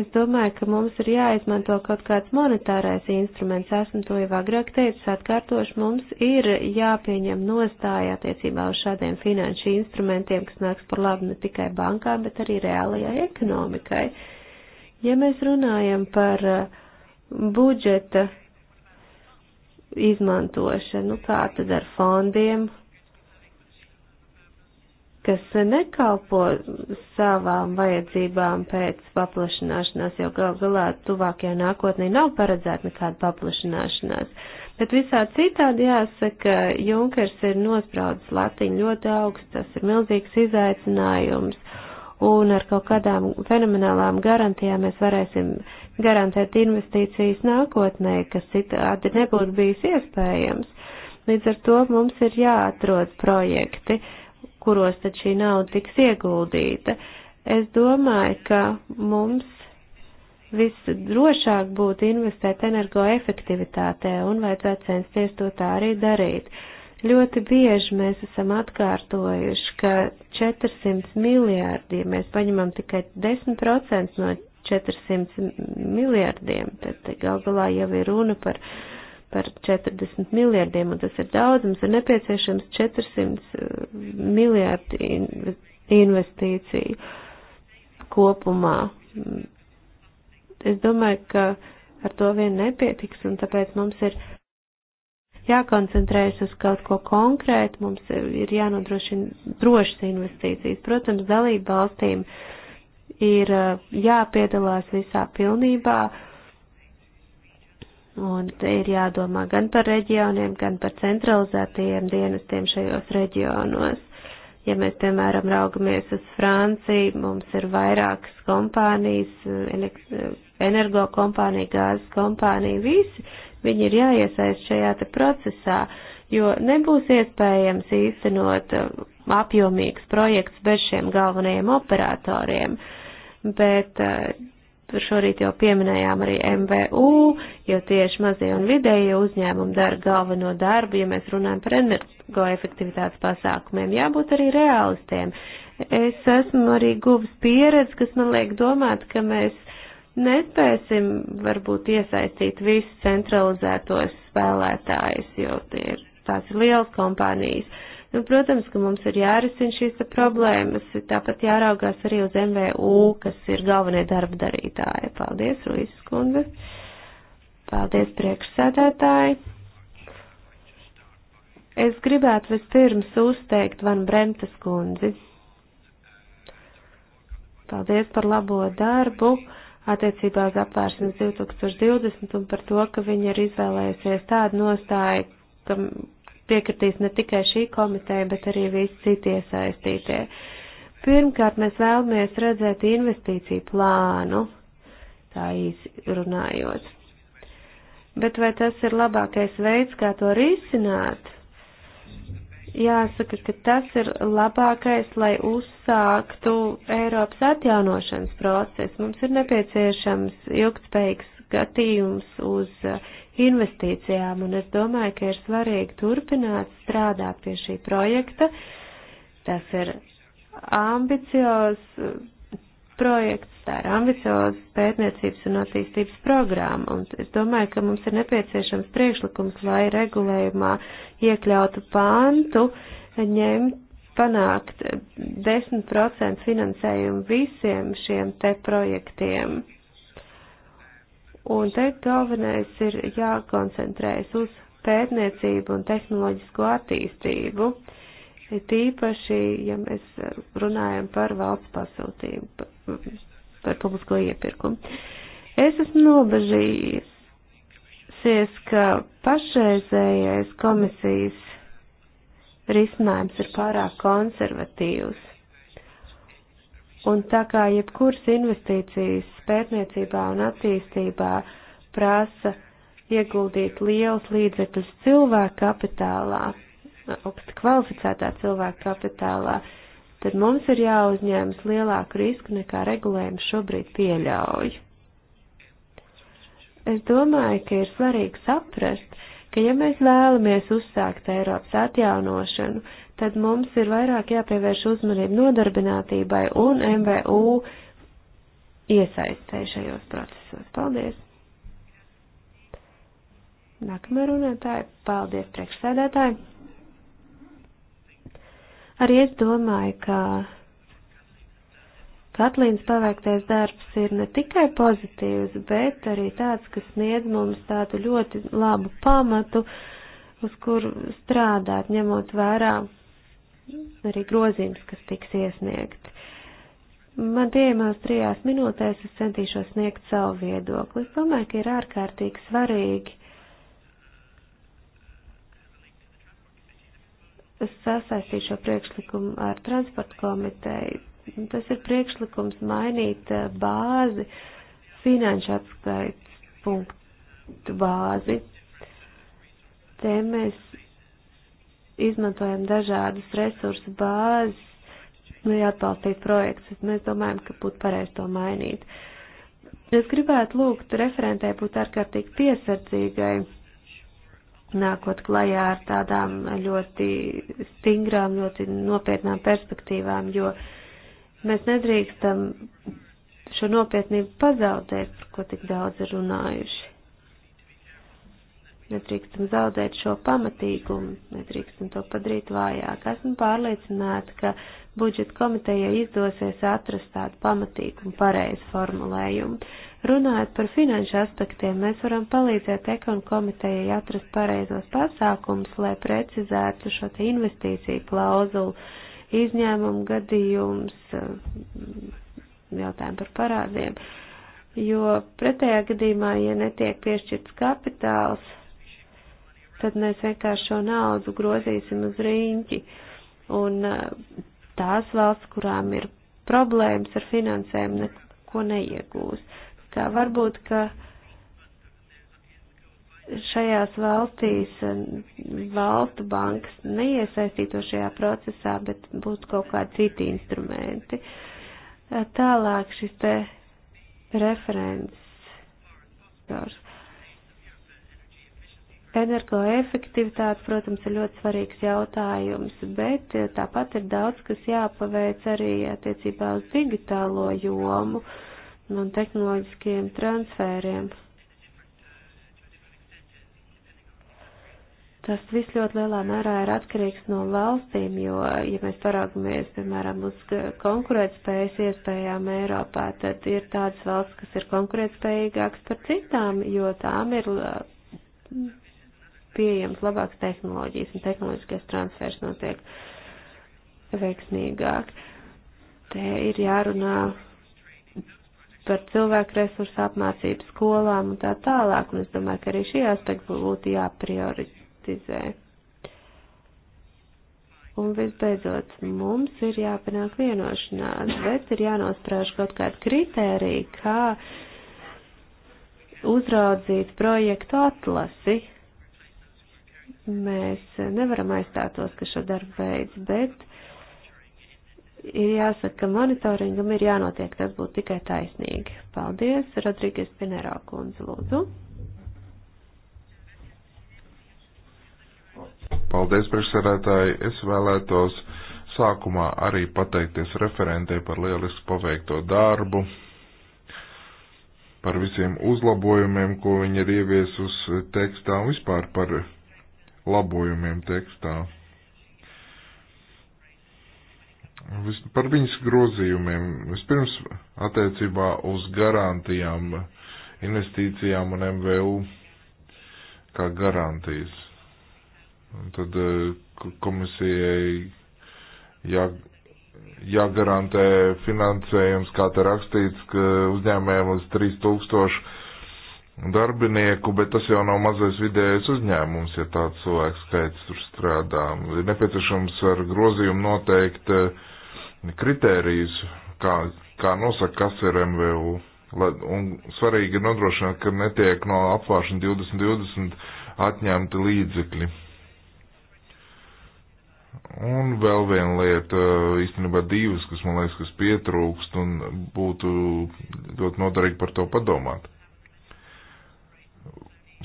Es domāju, ka mums ir jāizmanto kaut kāds monetārais instruments. Esmu to jau agrāk teicis, atkārtoši mums ir jāpieņem nostāja attiecībā uz šādiem finanšu instrumentiem, kas nāks par labu ne tikai bankām, bet arī reālajai ekonomikai. Ja mēs runājam par uh, budžeta izmantošanu, nu, kā tad ar fondiem kas nekalpo savām vajadzībām pēc paplašanāšanās, jo gal galā tuvākajā nākotnē nav paredzēta nekāda paplašanāšanās. Bet visā citādi jāsaka, Junkers ir nospraudis latiņu ļoti augsts, tas ir milzīgs izaicinājums, un ar kaut kādām fenomenālām garantijām mēs varēsim garantēt investīcijas nākotnē, kas citādi nebūtu bijis iespējams. Līdz ar to mums ir jāatrod projekti. Uh, kuros tad šī nauda tiks ieguldīta. Es domāju, ka mums visdrošāk būtu investēt energoefektivitātē un vajadzētu censties to tā arī darīt. Ļoti bieži mēs esam atkārtojuši, ka 400 miljārdi, ja mēs paņemam tikai 10% no 400 miljārdiem, tad gal galā jau ir runa par uh, par 40 miljardiem, un tas ir daudz, mums ir nepieciešams 400 eh, miljardi investīciju kopumā. Es domāju, ka ar to vien nepietiks, un tāpēc mums ir jākoncentrējas uz kaut ko konkrētu, mums ir jānodrošina drošas investīcijas. Protams, dalību valstīm ir eh, jāpiedalās visā pilnībā Un te ir jādomā gan par reģioniem, gan par centralizētajiem dienestiem šajos reģionos. Ja mēs, piemēram, raugamies uz Franciju, mums ir vairākas kompānijas, energo kompānija, gāzes kompānija, visi viņi ir jāiesaist šajā te procesā, jo nebūs iespējams īstenot uh, apjomīgs projekts bez šiem galvenajiem operatoriem. Bet uh, Tur šorīt jau pieminējām arī MVU, jo tieši mazie un vidējie uzņēmumi dara galveno darbu, ja mēs runājam par energoefektivitātes pasākumiem. Jābūt arī realistiem. Es esmu arī guvis pieredzi, kas man liek domāt, ka mēs nespēsim varbūt iesaistīt visus centralizētos spēlētājus, jo tie ir tās ir lielas kompānijas. Uh, Nu, protams, ka mums ir jārisina šīs problēmas, tāpat jāraugās arī uz MVU, kas ir galvenie darba darītāji. Paldies, Ruijas kundze. Paldies, priekšsēdētāji. Es gribētu vispirms uzteikt Van Bremtas kundzi. Paldies par labo darbu attiecībā uz apvēršanas 2020 un par to, ka viņa ir izvēlējusies tādu nostāju, kam piekritīs ne tikai šī komiteja, bet arī visi citi iesaistītie. Pirmkārt, mēs vēlamies redzēt investīciju plānu, tā īsi runājot. Bet vai tas ir labākais veids, kā to risināt? Jāsaka, ka tas ir labākais, lai uzsāktu Eiropas atjaunošanas procesu. Mums ir nepieciešams ilgspējīgs skatījums uz investīcijām, un es domāju, ka ir svarīgi turpināt strādāt pie šī projekta. Tas ir ambiciozs uh, projekts, tā ir ambiciozs pētniecības un attīstības programma, un es domāju, ka mums ir nepieciešams priekšlikums, lai regulējumā iekļautu pāntu, ņemt, panākt 10% finansējumu visiem šiem te projektiem. Un te galvenais ir jākoncentrējas uz pētniecību un tehnoloģisko attīstību, tīpaši, ja mēs runājam par valsts pasūtību, par publisko iepirkumu. Es esmu nobežījusies, ka pašreizējais komisijas risinājums ir pārāk konservatīvs Un tā kā jebkuras investīcijas pētniecībā un attīstībā prasa ieguldīt liels līdzekļus cilvēku kapitālā, augstu kvalificētā cilvēku kapitālā, tad mums ir jāuzņēmas lielāku risku nekā regulējums šobrīd pieļauj. Es domāju, ka ir svarīgi saprast, ka ja mēs vēlamies uzsākt Eiropas atjaunošanu, uh, tad mums ir vairāk jāpievērš uzmanība nodarbinātībai un MVU iesaistē šajos procesos. Paldies! Nākamā runātāja, paldies priekšsēdētāji. Arī es domāju, ka Katlīnas paveiktais darbs ir ne tikai pozitīvs, bet arī tāds, kas sniedz mums tādu ļoti labu pamatu, uz kuru strādāt, ņemot vērā arī grozījums, kas tiks iesniegt. Man pieejamās trijās minūtēs es centīšos sniegt savu viedokli. Es domāju, ka ir ārkārtīgi svarīgi sasaistīt šo priekšlikumu ar transporta komiteju. Tas ir priekšlikums mainīt eh, bāzi, finanšu atskaits punktu bāzi. Te mēs izmantojam dažādas resursu bāzes, lai nu, atbalstītu projektus. Mēs domājam, ka būtu pareizi to mainīt. Es gribētu lūgt referentē būt ārkārtīgi piesardzīgai, nākot klajā ar tādām ļoti stingrām, ļoti nopietnām perspektīvām, jo mēs nedrīkstam šo nopietnību pazaudēt, par ko tik daudz ir runājuši. Nedrīkstam zaudēt šo pamatīgumu, nedrīkstam to padarīt vājāk. Esmu pārliecināta, ka budžeta komitejai izdosies atrast tādu pamatīgumu pareizu formulējumu. Runājot par finanšu aspektiem, mēs varam palīdzēt ekonu komitejai atrast pareizos pasākums, lai precizētu šo te investīciju klauzulu, izņēmumu gadījums, eh, jautājumu par parādiem. Jo pretējā gadījumā, ja netiek piešķirts kapitāls, tad mēs vienkārši šo naudu grozīsim uz riņķi. Un eh, tās valsts, kurām ir problēmas ar finansēm, neko neiegūs. Tā varbūt, ka šajās valstīs eh, valstu bankas neiesaistīto šajā procesā, bet būtu kaut kādi citi instrumenti. Eh, tālāk šis te referents Energoefektivitāte, protams, ir ļoti svarīgs jautājums, bet eh, tāpat ir daudz, kas jāpaveic arī attiecībā uz digitālo jomu un tehnoloģiskiem transfēriem. Tas viss ļoti lielā mērā ir atkarīgs no valstīm, jo, ja mēs paraugamies, piemēram, uz konkurētspējas iespējām Eiropā, tad ir tādas valsts, kas ir konkurētspējīgākas par citām, jo tām ir pieejams labāks tehnoloģijas un tehnoloģiskais transfers notiek veiksmīgāk. Te ir jārunā par cilvēku resursu apmācību skolām un tā tālāk, un es domāju, ka arī šī aspekta būtu jāprioritizē. Un visbeidzot, mums ir jāpanāk vienošanās, bet ir jānosprāž kaut kāda kritērija, kā uzraudzīt projektu atlasi, Mēs nevaram aizstāt tos, kas šo darbu veids, bet ir jāsaka, ka monitoringam ir jānotiek, tas būtu tikai taisnīgi. Paldies, Rodrīgas Pinerā kundze, lūdzu. Paldies, priekšsēdētāji. Es vēlētos sākumā arī pateikties referentei par lielisku paveikto darbu, par visiem uzlabojumiem, ko viņa ir ieviesusi tekstā un vispār par labojumiem tekstā. Vis, par viņas grozījumiem. Vispirms attiecībā uz garantijām, investīcijām un MVU kā garantijas. Un tad eh, komisijai jā, jāgarantē finansējums, kā te rakstīts, ka uzņēmējiem līdz 3000 darbinieku, bet tas jau nav mazais vidējais uzņēmums, ja tāds cilvēks skaits tur strādā. Ir nepieciešams ar grozījumu noteikt eh, kritērijus, kā, kā nosaka, kas ir MVU. Un svarīgi ir nodrošināt, ka netiek no apvāršana 2020 atņemti līdzekļi. Un vēl viena lieta, eh, īstenībā divas, kas man liekas, kas pietrūkst un būtu ļoti noderīgi par to padomāt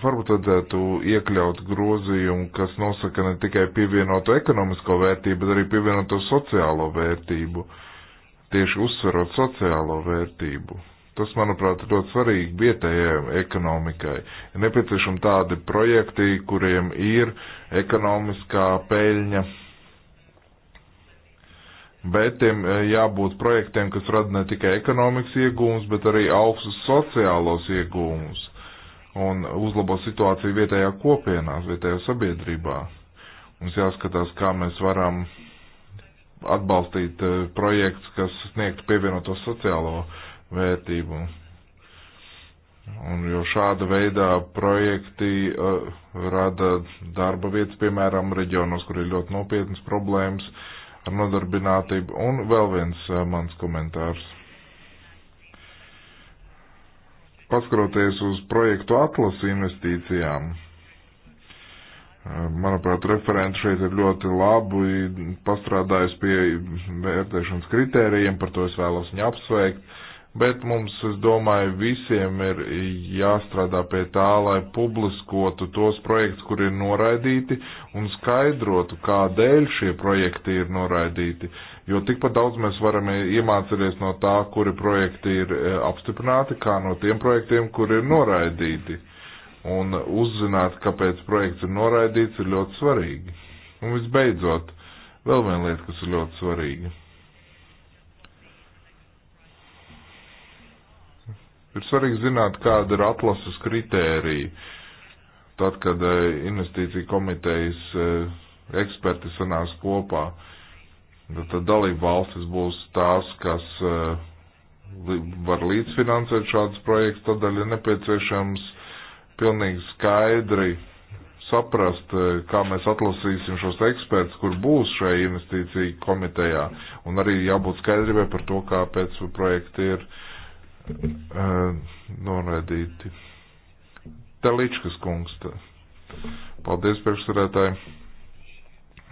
varbūt vajadzētu eh, iekļaut grozījumu, kas nosaka ne tikai pievienoto ekonomisko vērtību, bet arī pievienoto sociālo vērtību, tieši uzsverot sociālo vērtību. Tas, manuprāt, ir ļoti svarīgi vietējai ekonomikai. Ir nepieciešami tādi projekti, kuriem ir ekonomiskā peļņa, bet tiem eh, jābūt projektiem, kas rada ne tikai ekonomikas iegūmus, bet arī augstus sociālos iegūmus un uzlabo situāciju vietējā kopienās, vietējā sabiedrībā. Mums jāskatās, kā mēs varam atbalstīt eh, projekts, kas sniegtu pievienoto sociālo vērtību. Un jo šāda veidā projekti uh, rada darba vietas, piemēram, reģionos, kur ir ļoti nopietnas problēmas ar nodarbinātību. Un vēl viens uh, mans komentārs. paskaroties uz projektu atlasu investīcijām, eh, manuprāt, referenti šeit ir ļoti labi pastrādājusi pie vērtēšanas kritērijiem, par to es vēlos viņu apsveikt. Bet mums, es domāju, visiem ir jāstrādā pie tā, lai publiskotu tos projektus, kur ir noraidīti, un skaidrotu, kādēļ šie projekti ir noraidīti. Uh, jo tikpat daudz mēs varam iemācīties no tā, kuri projekti ir e, apstiprināti, kā no tiem projektiem, kuri ir noraidīti. Un uzzināt, kāpēc projekts ir noraidīts, ir ļoti svarīgi. Un visbeidzot, vēl viena lieta, kas ir ļoti svarīga. Ir svarīgi zināt, kāda ir atlases kritērija. Tad, kad e, investīcija komitejas e, eksperti sanās kopā, Tad dalību valstis būs tās, kas eh, var līdzfinansēt šādus projektus, tādēļ ir nepieciešams pilnīgi skaidri saprast, eh, kā mēs atlasīsim šos ekspertus, kur būs šajā investīcija komitejā, un arī jābūt skaidrībai par to, kāpēc projekti ir uh, noraidīti. Teličkas kungs. Tā. Paldies, priekšsarētāji.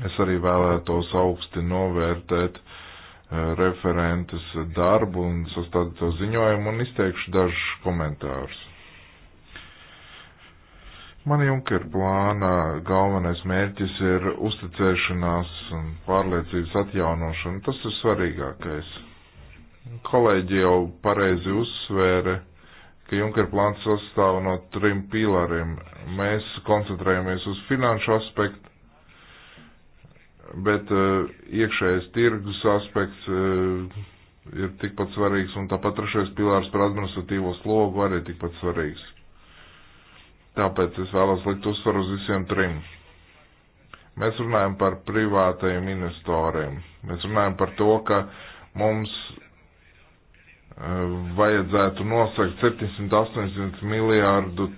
Es arī vēlētos augsti novērtēt eh, referentes darbu un sastādīto ziņojumu un izteikšu dažus komentārus. Man Junker plāna galvenais mērķis ir uzticēšanās un pārliecības atjaunošana. Tas ir svarīgākais. Kolēģi jau pareizi uzsvēra, ka Junker plāns sastāv no trim pīlāriem. Mēs koncentrējamies uz finanšu aspektu, bet eh, iekšējais tirgus aspekts eh, ir tikpat svarīgs, un tāpat trešais pilārs par administratīvo slogu arī tikpat svarīgs. Tāpēc es vēlos likt uzsvaru uz visiem trim. Mēs runājam par privātajiem investoriem. Mēs runājam par to, ka mums eh, vajadzētu nosakt 700-800 miljārdu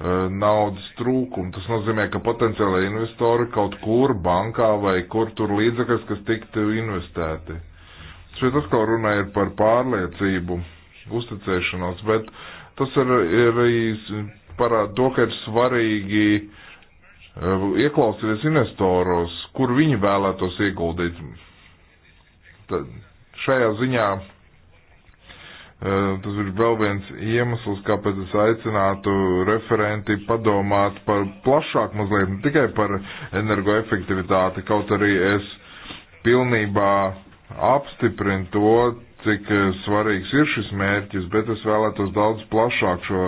Eh, naudas trūkumu. Tas nozīmē, ka potenciālai investori kaut kur bankā vai kur tur līdzekļus, kas tiktu investēti. Šeit atkal runa ir par pārliecību, uzticēšanos, bet tas ir, ir arī parāda to, ka ir svarīgi eh, ieklausīties investoros, kur viņi vēlētos ieguldīt. Tad šajā ziņā Eh, tas ir vēl viens iemesls, kāpēc es aicinātu referenti padomāt par plašāk mazliet, ne tikai par energoefektivitāti, kaut arī es pilnībā apstiprinu to, cik svarīgs ir šis mērķis, bet es vēlētos daudz plašāk šo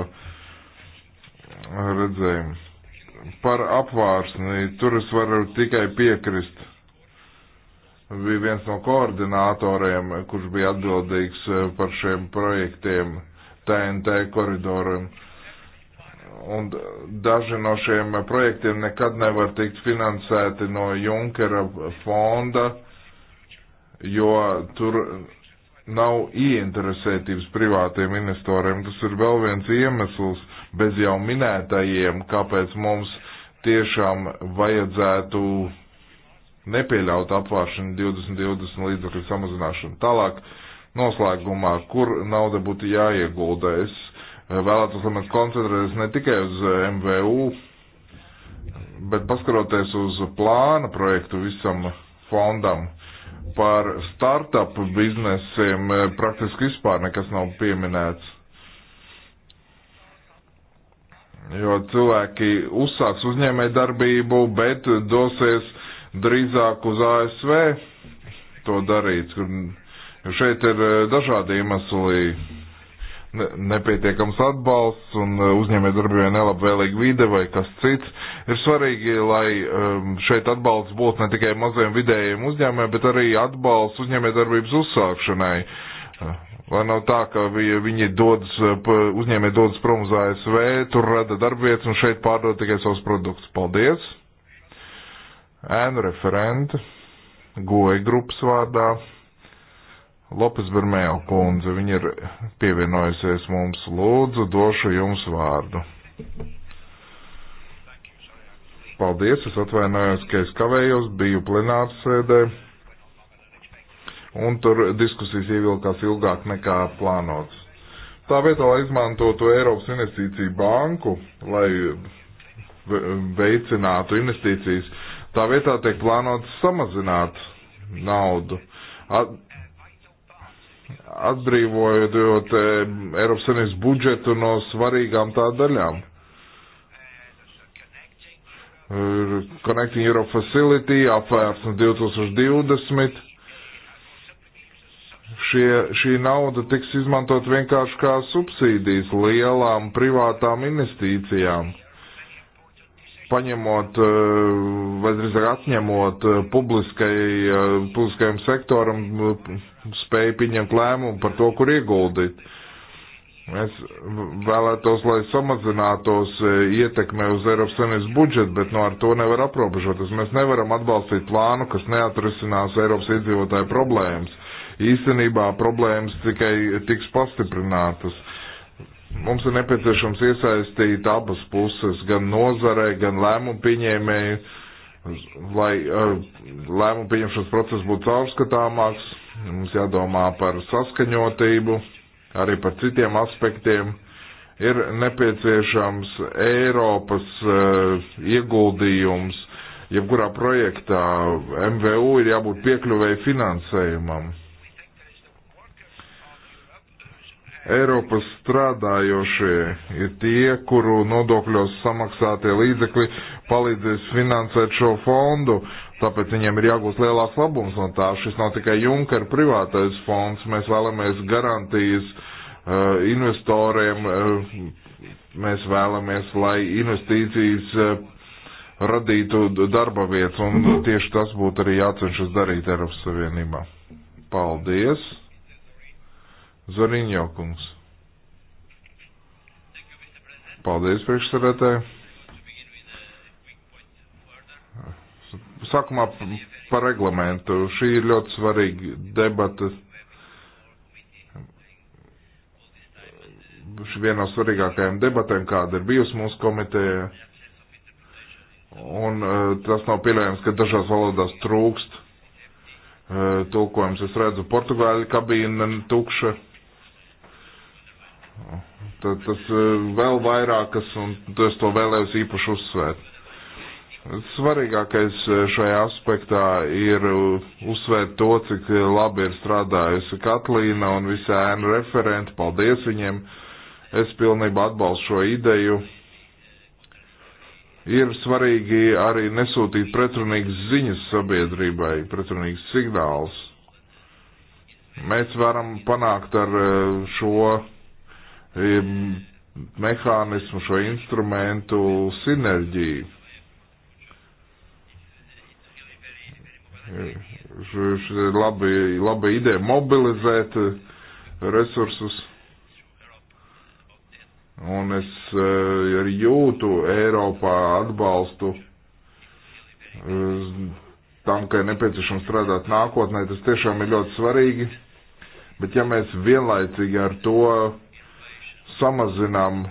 redzējumu. Par apvārsni, tur es varu tikai piekrist bija viens no koordinatoriem, kurš bija atbildīgs eh, par šiem projektiem TNT koridoriem. Un daži no šiem projektiem nekad nevar tikt finansēti no Junkera fonda, jo tur nav ieinteresētības privātiem investoriem. Tas ir vēl viens iemesls bez jau minētajiem, kāpēc mums tiešām vajadzētu nepieļaut apvāršanu 2020 līdzekļu samazināšanu. Tālāk noslēgumā, kur nauda būtu jāiegulda. Es eh, vēlētos, lai mēs koncentrēties ne tikai uz eh, MVU, bet paskaroties uz plāna projektu visam fondam par startup biznesiem, eh, praktiski vispār nekas nav pieminēts. Jo cilvēki uzsāks uzņēmē darbību, bet dosies drīzāk uz ASV to darīt. Šeit ir eh, dažādi iemesli nepietiekams atbalsts un eh, uzņēmē darbībai nelabvēlīga vide vai kas cits. Ir svarīgi, lai ehm, šeit atbalsts būtu ne tikai maziem vidējiem uzņēmē, bet arī atbalsts uzņēmē darbības uzsākšanai. Lai eh, nav tā, ka viņi dodas, uzņēmē dodas prom uz ASV, tur rada darbvietas un šeit pārdod tikai savus produktus. Paldies! ēnu referenta, goja grupas vārdā, Lopes Bermēla kundze. Viņa ir pievienojusies mums. Lūdzu, došu jums vārdu. Paldies, es atvainojos, ka es kavējos, biju plenārs sēdē. Un tur diskusijas ievilkās ilgāk nekā plānots. Tā vietā, lai izmantotu Eiropas investīciju banku, lai veicinātu investīcijas, Tā vietā tiek plānots samazināt naudu. At, atbrīvojot eh, Eiropas Savienības budžetu no svarīgām tā daļām. Connecting Europe Facility, apvērsme 2020. Šie, šī nauda tiks izmantot vienkārši kā subsīdijas lielām privātām investīcijām paņemot, eh, vai drīzāk atņemot eh, publiskai, eh, publiskajam sektoram spēju pieņemt lēmumu par to, kur ieguldīt. Es vēlētos, lai samazinātos ietekme uz Eiropas Savienības budžetu, bet no nu, ar to nevar aprobežoties. Mēs nevaram atbalstīt plānu, kas neatrisinās Eiropas iedzīvotāju problēmas. Īstenībā problēmas tikai tiks pastiprinātas Mums ir nepieciešams iesaistīt abas puses, gan nozarei, gan lēmumu pieņēmēju, lai eh, lēmumu pieņemšanas process būtu caurskatāmāks. Mums jādomā par saskaņotību, arī par citiem aspektiem. Ir nepieciešams Eiropas uh, ieguldījums jebkurā projektā. MVU ir jābūt piekļuvēji finansējumam Eiropas strādājošie ir tie, kuru nodokļos samaksātie līdzekļi palīdzēs finansēt šo fondu, tāpēc viņiem ir jāgūst lielāks labums no tā. Šis nav tikai Junker privātais fonds, mēs vēlamies garantijas uh, investoriem, uh, mēs vēlamies, lai investīcijas uh, radītu darba vietas, un tieši tas būtu arī jācenšas darīt Eiropas Savienībā. Paldies! Zoriņo kungs. Paldies, priekšsarētāji. Sākumā par reglamentu. Šī ir ļoti svarīga debata. Šī viena no svarīgākajām debatēm, kāda ir bijusi mūsu komiteja. Un e, tas nav pieļaujams, ka dažās valodās trūkst e, tulkojums. Es redzu, Portugāļu kabīne tukša Tad tas eh, vēl vairākas, un es to vēlējos īpaši uzsvērt. Svarīgākais eh, šajā aspektā ir eh, uzsvērt to, cik labi ir strādājusi Katlīna un visi ēnu referenti. Paldies viņiem! Es pilnībā atbalstu šo ideju. Ir svarīgi arī nesūtīt pretrunīgas ziņas sabiedrībai, pretrunīgas signālus. Mēs varam panākt ar šo mehānismu, šo instrumentu sinerģiju. Šī ir labi, laba ideja mobilizēt eh, resursus. Un es eh, arī jūtu Eiropā atbalstu eh, tam, ka ir nepieciešams strādāt nākotnē. Tas tiešām ir ļoti svarīgi. Bet ja mēs vienlaicīgi ar to samazinām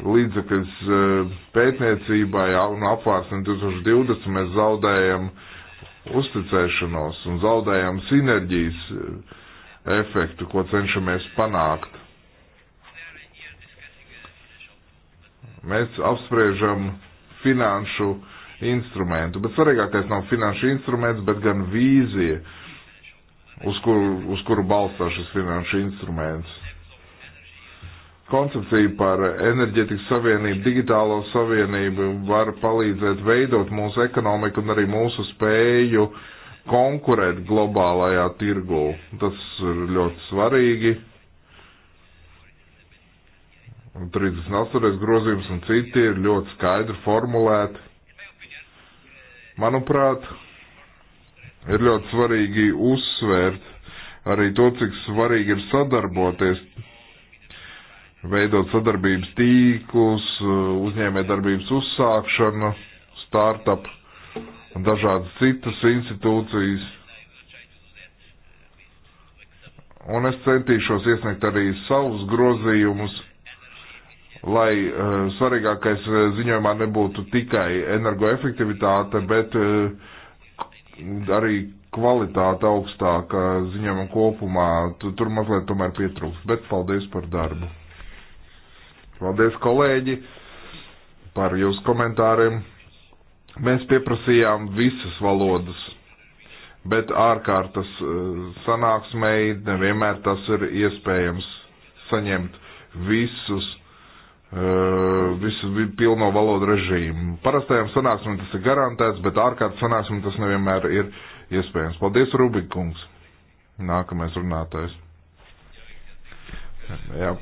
līdzekļus e, pētniecībai un apvārsni 2020 mēs zaudējam uzticēšanos un zaudējam sinerģijas e, efektu, ko cenšamies panākt. Mēs apspriežam finanšu instrumentu, bet svarīgākais nav finanšu instruments, bet gan vīzija, uz kuru, uz kuru balstās šis finanšu instruments koncepcija par enerģetikas savienību, digitālo savienību var palīdzēt veidot mūsu ekonomiku un arī mūsu spēju konkurēt globālajā tirgū. Tas ir ļoti svarīgi. 38. grozījums un citi ir ļoti skaidri formulēti. Manuprāt, ir ļoti svarīgi uzsvērt arī to, cik svarīgi ir sadarboties veidot sadarbības tīklus, eh, uzņēmē darbības uzsākšanu, startup un dažādas citas institūcijas. Un es centīšos iesniegt arī savus grozījumus, lai uh, svarīgākais eh, ziņojumā nebūtu tikai energoefektivitāte, bet uh, arī kvalitāte augstāka ziņojuma kopumā. Tur mazliet tomēr pietrūkst, bet paldies par darbu. Paldies, kolēģi, par jūsu komentāriem. Mēs pieprasījām visas valodas, bet ārkārtas eh, sanāksmei nevienmēr tas ir iespējams saņemt visus, eh, visu pilno valodu režīmu. Parastajām sanāksmēm tas ir garantēts, bet ārkārtas sanāksmēm tas nevienmēr ir iespējams. Paldies, Rubikungs! Nākamais runātājs. Jā.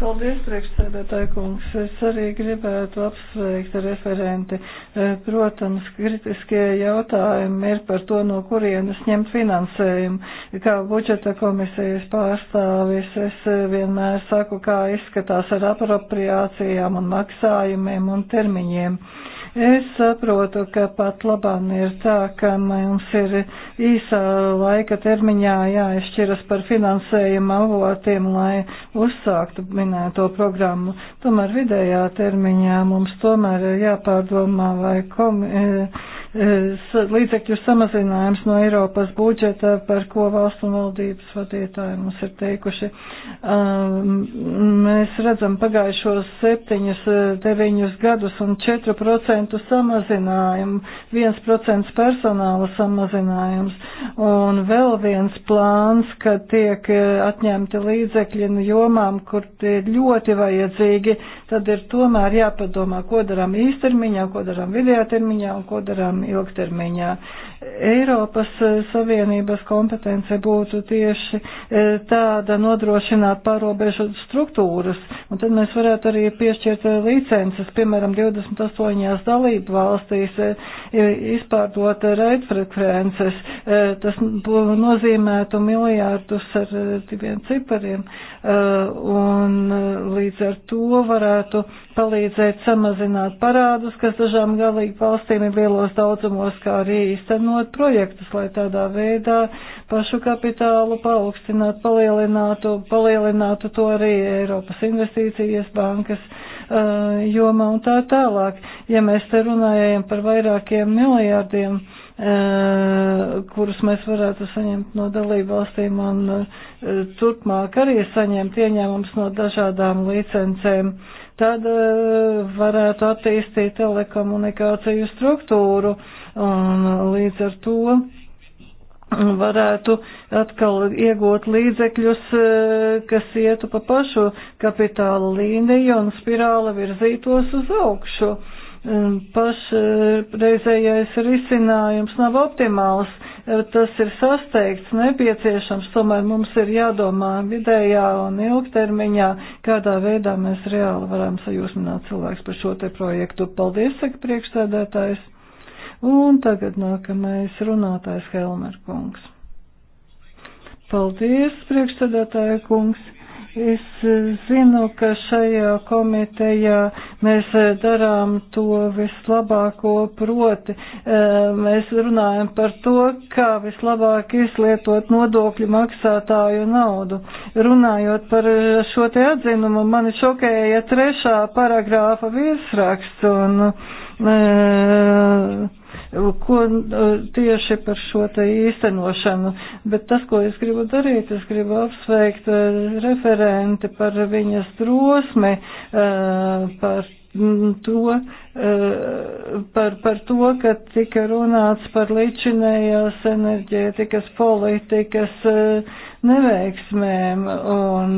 Paldies, priekšsēdētāji kungs. Es arī gribētu apsveikt referenti. Eh, protams, kritiskie jautājumi ir par to, no kurienes ņemt finansējumu. Kā budžeta komisijas pārstāvis, es eh, vienmēr saku, kā izskatās ar apropriācijām un maksājumiem un termiņiem. Uh, Es saprotu, ka pat labāk ir tā, ka mums ir īsā laika termiņā jāizšķiras par finansējuma avotiem, lai uzsāktu minēto programmu. Tomēr vidējā termiņā mums tomēr ir jāpārdomā, vai komisija eh, līdzekļu samazinājums no Eiropas budžeta, par ko valstu un valdības vadītāji mums ir teikuši. Um, mēs redzam pagājušos septiņus, deviņus gadus un 4% samazinājumu, 1% personāla samazinājums un vēl viens plāns, ka tiek eh, atņemti līdzekļi no nu, jomām, kur tie ir ļoti vajadzīgi, tad ir tomēr jāpadomā, ko darām īstermiņā, ko darām vidējā termiņā un ko darām ilgtermiņā. Uh, Eiropas eh, Savienības kompetence būtu tieši eh, tāda nodrošināt pārobežu struktūras, un tad mēs varētu arī piešķirt eh, licences, piemēram, 28 dalību valstīs izpārdot raidfrekvences. Tas nozīmētu miljārdus ar diviem cipariem, un līdz ar to varētu palīdzēt samazināt parādus, kas dažām galīgi valstīm ir lielos daudzumos, kā arī īstenot īstenot projektus, lai tādā veidā pašu kapitālu paaugstinātu, palielinātu, palielinātu to arī Eiropas investīcijas bankas uh, jomā un tā tālāk. Ja mēs te runājam par vairākiem miljārdiem, uh, kurus mēs varētu saņemt no dalību valstīm un uh, turpmāk arī saņemt ieņēmums no dažādām licencēm. Tad uh, varētu attīstīt telekomunikāciju struktūru, uh, un līdz ar to varētu atkal iegūt līdzekļus, e, kas ietu pa pašu kapitāla līniju un spirāla virzītos uz augšu. E, Pašreizējais e, risinājums nav optimāls, tas ir sasteigts, nepieciešams, tomēr mums ir jādomā vidējā un ilgtermiņā, kādā veidā mēs reāli varam sajūsmināt cilvēks par šo te projektu. Paldies, saka priekšsēdētājs. Un tagad nākamais runātājs Helmer kungs. Paldies, priekšsēdētāja kungs. Es e, zinu, ka šajā komitejā mēs e, darām to vislabāko proti. E, mēs runājam par to, kā vislabāk izlietot nodokļu maksātāju naudu. Runājot par šo te atzinumu, mani šokēja trešā paragrāfa virsraksts un. Uh, ko eh, tieši par šo te īstenošanu. Bet tas, ko es gribu darīt, es gribu apsveikt eh, referenti par viņas drosmi, eh, par to, par, par to, ka tika runāts par līdzinējās enerģētikas politikas neveiksmēm un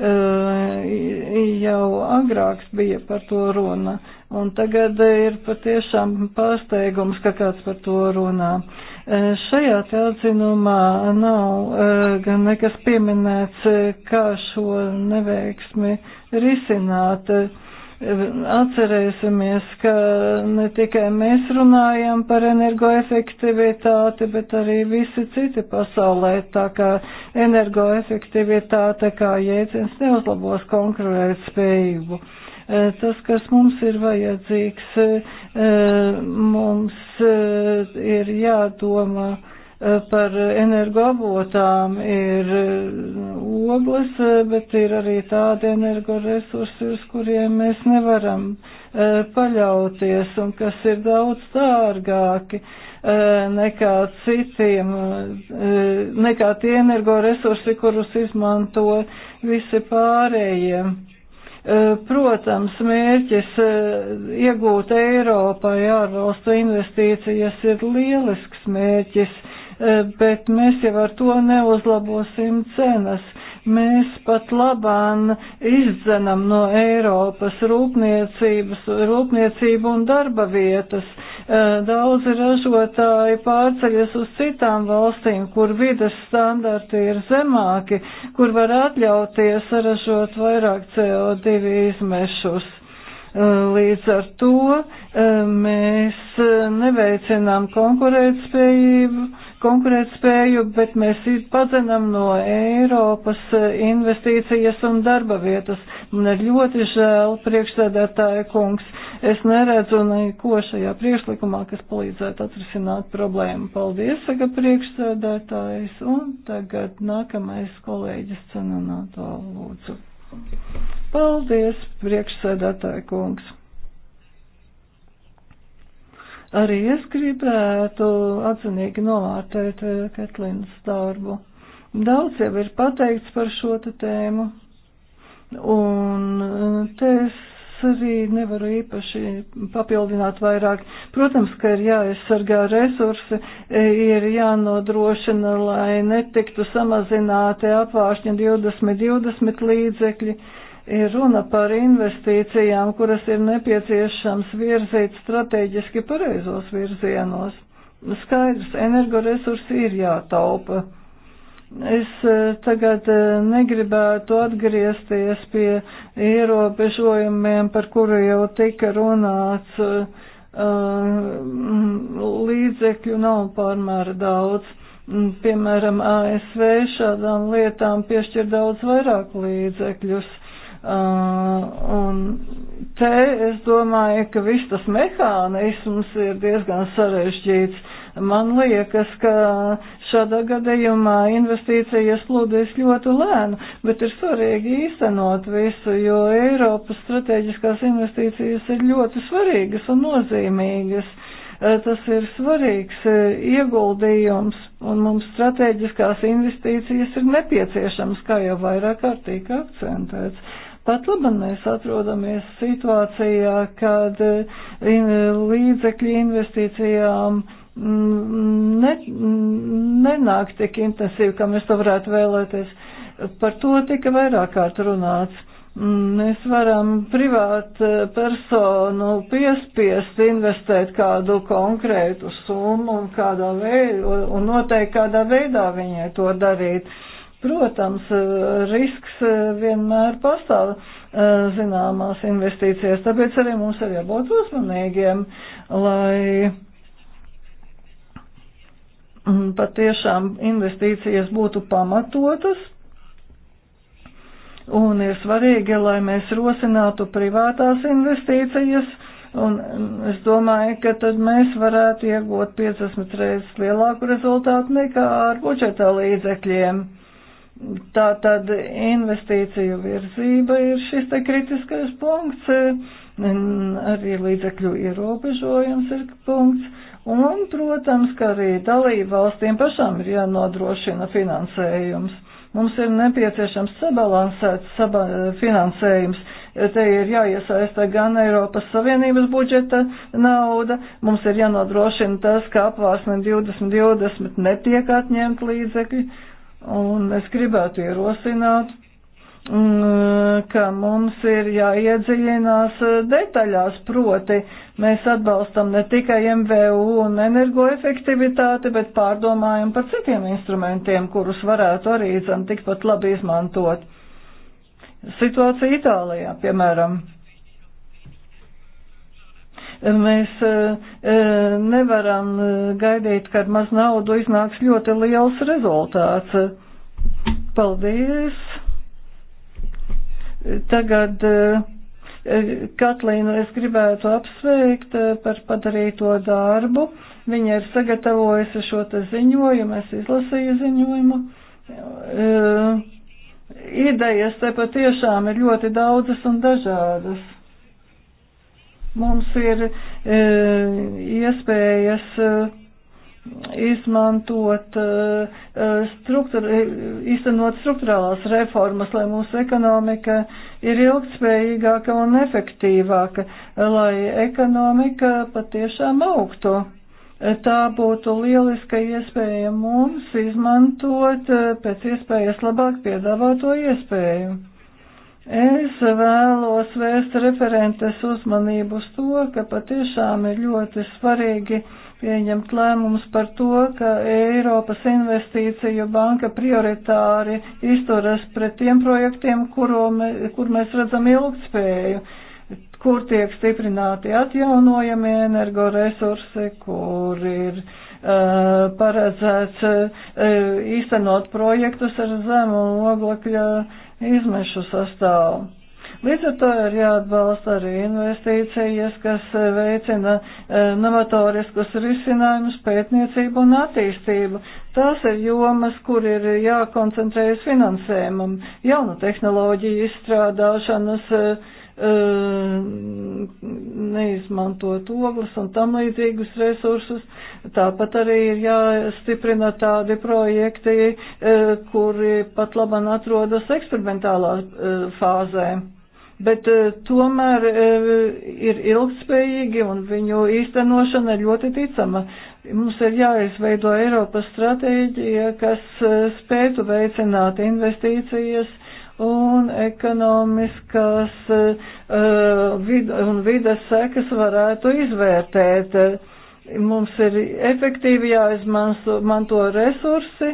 Eh, jau agrāks bija par to runa, un tagad ir patiešām pārsteigums, ka kāds par to runā. Eh, šajā te atzinumā nav eh, gan nekas pieminēts, kā šo neveiksmi risināt. Atcerēsimies, ka ne tikai mēs runājam par energoefektivitāti, bet arī visi citi pasaulē, tā kā energoefektivitāte kā jēdziens neuzlabos konkurēt spējību eh, tas, kas mums ir vajadzīgs, eh, mums eh, ir jādomā Eh, par energoavotām ir eh, ogles, eh, bet ir arī tādi energoresursi, uz kuriem mēs nevaram paļauties un kas ir daudz dārgāki nekā citiem, nekā tie energoresursi, kurus izmanto visi pārējie. Protams, mērķis iegūt Eiropai ārvalstu investīcijas ir lielisks mērķis bet mēs jau ar to neuzlabosim cenas. Mēs pat labāk izdzenam no Eiropas rūpniecības, rūpniecību un darba vietas. Eh, daudzi ražotāji pārceļas uz citām valstīm, kur vides standarti ir zemāki, kur var atļauties saražot vairāk CO2 izmešus. Eh, līdz ar to eh, mēs neveicinām konkurētspējību konkurētspēju, bet mēs padzenam no Eiropas eh, investīcijas un darba vietas. Man ir ļoti žēl, priekšsēdētāja kungs, es neredzu neko šajā priekšlikumā, kas palīdzētu atrisināt problēmu. Paldies, saka priekšsēdētājs, un tagad nākamais kolēģis cenonāto lūdzu. Paldies, priekšsēdētāja kungs. Arī es gribētu atzinīgi novērtēt eh, Ketlinas darbu. Daudz jau ir pateikts par šo tēmu, un eh, te es arī nevaru īpaši papildināt vairāk. Protams, ka ir jāaizsargā resursi, e, ir jānodrošina, lai netiktu samazināti apvāršņa 2020 līdzekļi ir runa par investīcijām, kuras ir nepieciešams virzīt strateģiski pareizos virzienos. Skaidrs, energoresursi ir jātaupa. Es eh, tagad eh, negribētu atgriezties pie ierobežojumiem, par kuru jau tika runāts. Eh, mm, līdzekļu nav pārmēr daudz. Mm, piemēram, ASV šādām lietām piešķir daudz vairāk līdzekļus. Uh, un te es domāju, ka viss tas mehānisms ir diezgan sarežģīts. Man liekas, ka šādā gadījumā investīcijas plūdīs ļoti lēnu, bet ir svarīgi īstenot visu, jo Eiropas strateģiskās investīcijas ir ļoti svarīgas un nozīmīgas. Uh, tas ir svarīgs uh, ieguldījums, un mums strateģiskās investīcijas ir nepieciešams, kā jau vairāk kārtīgi akcentēts Pat labi mēs atrodamies situācijā, kad līdzekļi investīcijām mm, ne, nenāk tik intensīvi, kā mēs to varētu vēlēties. Par to tika vairāk kārt runāts. Mēs varam privātu eh, personu piespiest investēt kādu konkrētu summu un, kādā veidā, un noteikti kādā veidā viņai to darīt. Protams, eh, risks eh, vienmēr pastāv eh, zināmās investīcijas, tāpēc arī mums ir jābūt uzmanīgiem, lai mm, patiešām investīcijas būtu pamatotas. Un ir svarīgi, lai mēs rosinātu privātās investīcijas, un mm, es domāju, ka tad mēs varētu iegūt 50 reizes lielāku rezultātu nekā ar budžeta līdzekļiem. Tā tad investīciju virzība ir šis te kritiskais punkts, arī līdzekļu ierobežojums ir punkts, un, protams, ka arī dalību valstīm pašām ir jānodrošina finansējums. Mums ir nepieciešams sabalansēts saba finansējums, te ir jāiesaista gan Eiropas Savienības budžeta nauda, mums ir jānodrošina tas, ka apvārsne 2020 netiek atņemt līdzekļi, Un es gribētu ierosināt, mm, ka mums ir jāiedziļinās detaļās, proti mēs atbalstam ne tikai MVU un energoefektivitāti, bet pārdomājam par citiem instrumentiem, kurus varētu arī zem tikpat labi izmantot. Situācija Itālijā, piemēram. Mēs e, e, nevaram e, gaidīt, kad maz naudu iznāks ļoti liels rezultāts. Paldies! Tagad Katlīnu es gribētu apsveikt par padarīto darbu. Viņa ir sagatavojusi šo te ziņojumu, es izlasīju ziņojumu. Idejas te patiešām ir ļoti daudzas un dažādas. Mums ir e, iespējas e, izmantot, e, e struktūra, iztenot e, struktūrālās reformas, lai mūsu ekonomika ir ilgtspējīgāka un efektīvāka, lai ekonomika patiešām augtu. E, tā būtu lieliska iespēja mums izmantot pēc iespējas labāk piedāvāto iespēju. Es vēlos vērst referentes uzmanību uz to, ka patiešām ir ļoti svarīgi pieņemt lēmumus par to, ka Eiropas investīciju banka prioritāri izturas pret tiem projektiem, me, kur mēs redzam ilgtspēju, kur tiek stiprināti atjaunojamie energoresursi, kur ir uh, paredzēts uh, īstenot projektus ar zemu oglekļa uh, izmešu sastāvu. Līdz ar to ir jāatbalsta arī investīcijas, kas eh, veicina eh, novatoriskus risinājumus, pētniecību un attīstību. Tās ir jomas, kur ir jākoncentrējas finansējumam, jaunu tehnoloģiju izstrādāšanas, eh, neizmantot ogles un tam līdzīgus resursus, Tāpat arī ir jāstiprina tādi projekti, e, kuri pat labam atrodas eksperimentālā e, fāzē bet e, tomēr ir ilgspējīgi un viņu īstenošana ir ļoti ticama. Mums ir jāizveido Eiropas stratēģija, kas spētu veicināt investīcijas un ekonomiskās uh, vid un vides sekas varētu izvērtēt. Uh, Mums ir efektīvi jāizmanto resursi,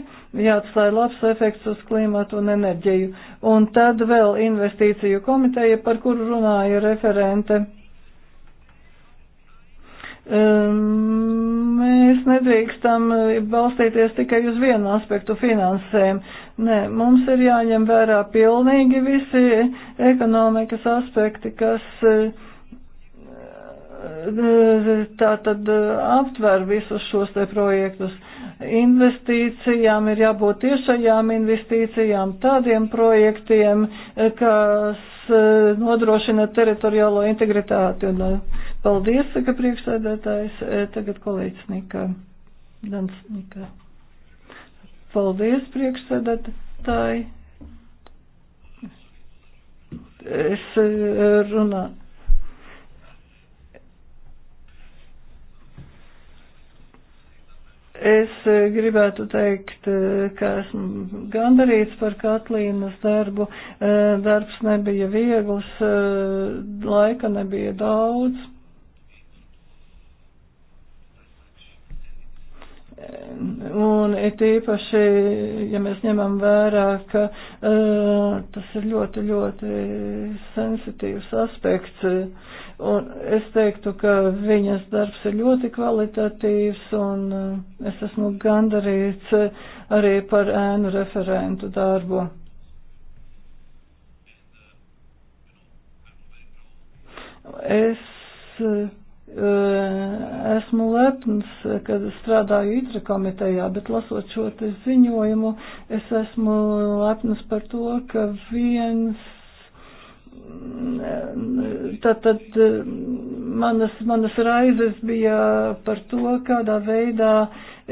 jāatstāja labs efekts uz klimatu un enerģiju. Un tad vēl investīciju komiteja, par kuru runāja referente. Um, mēs nedrīkstam balstīties tikai uz vienu aspektu finansēm. Nē, mums ir jāņem vērā pilnīgi visi ekonomikas aspekti, kas uh, tā tad eh, aptver visus šos te projektus. Investīcijām ir jābūt tiešajām investīcijām, tādiem projektiem, eh, kas eh, nodrošina teritoriālo integritāti. Un, paldies, ka priekšsēdētājs tagad kolēģis Nika. Dans Nika. Paldies, priekšsēdētāji. Es runāju Es e, gribētu teikt, e, ka esmu gandarīts par Katlīnas darbu. E, darbs nebija viegls, laika nebija daudz. Un it īpaši, ja mēs ņemam vērā, ka uh, tas ir ļoti, ļoti sensitīvs aspekts. Uh, Un es teiktu, ka viņas darbs ir ļoti kvalitatīvs, un uh, es esmu gandarīts uh, arī par ēnu referentu darbu. Es uh, esmu lepns, kad strādāju itra komitejā, bet lasot šo ziņojumu, es esmu lepns par to, ka viens Tātad manas, manas raizes bija par to, kādā veidā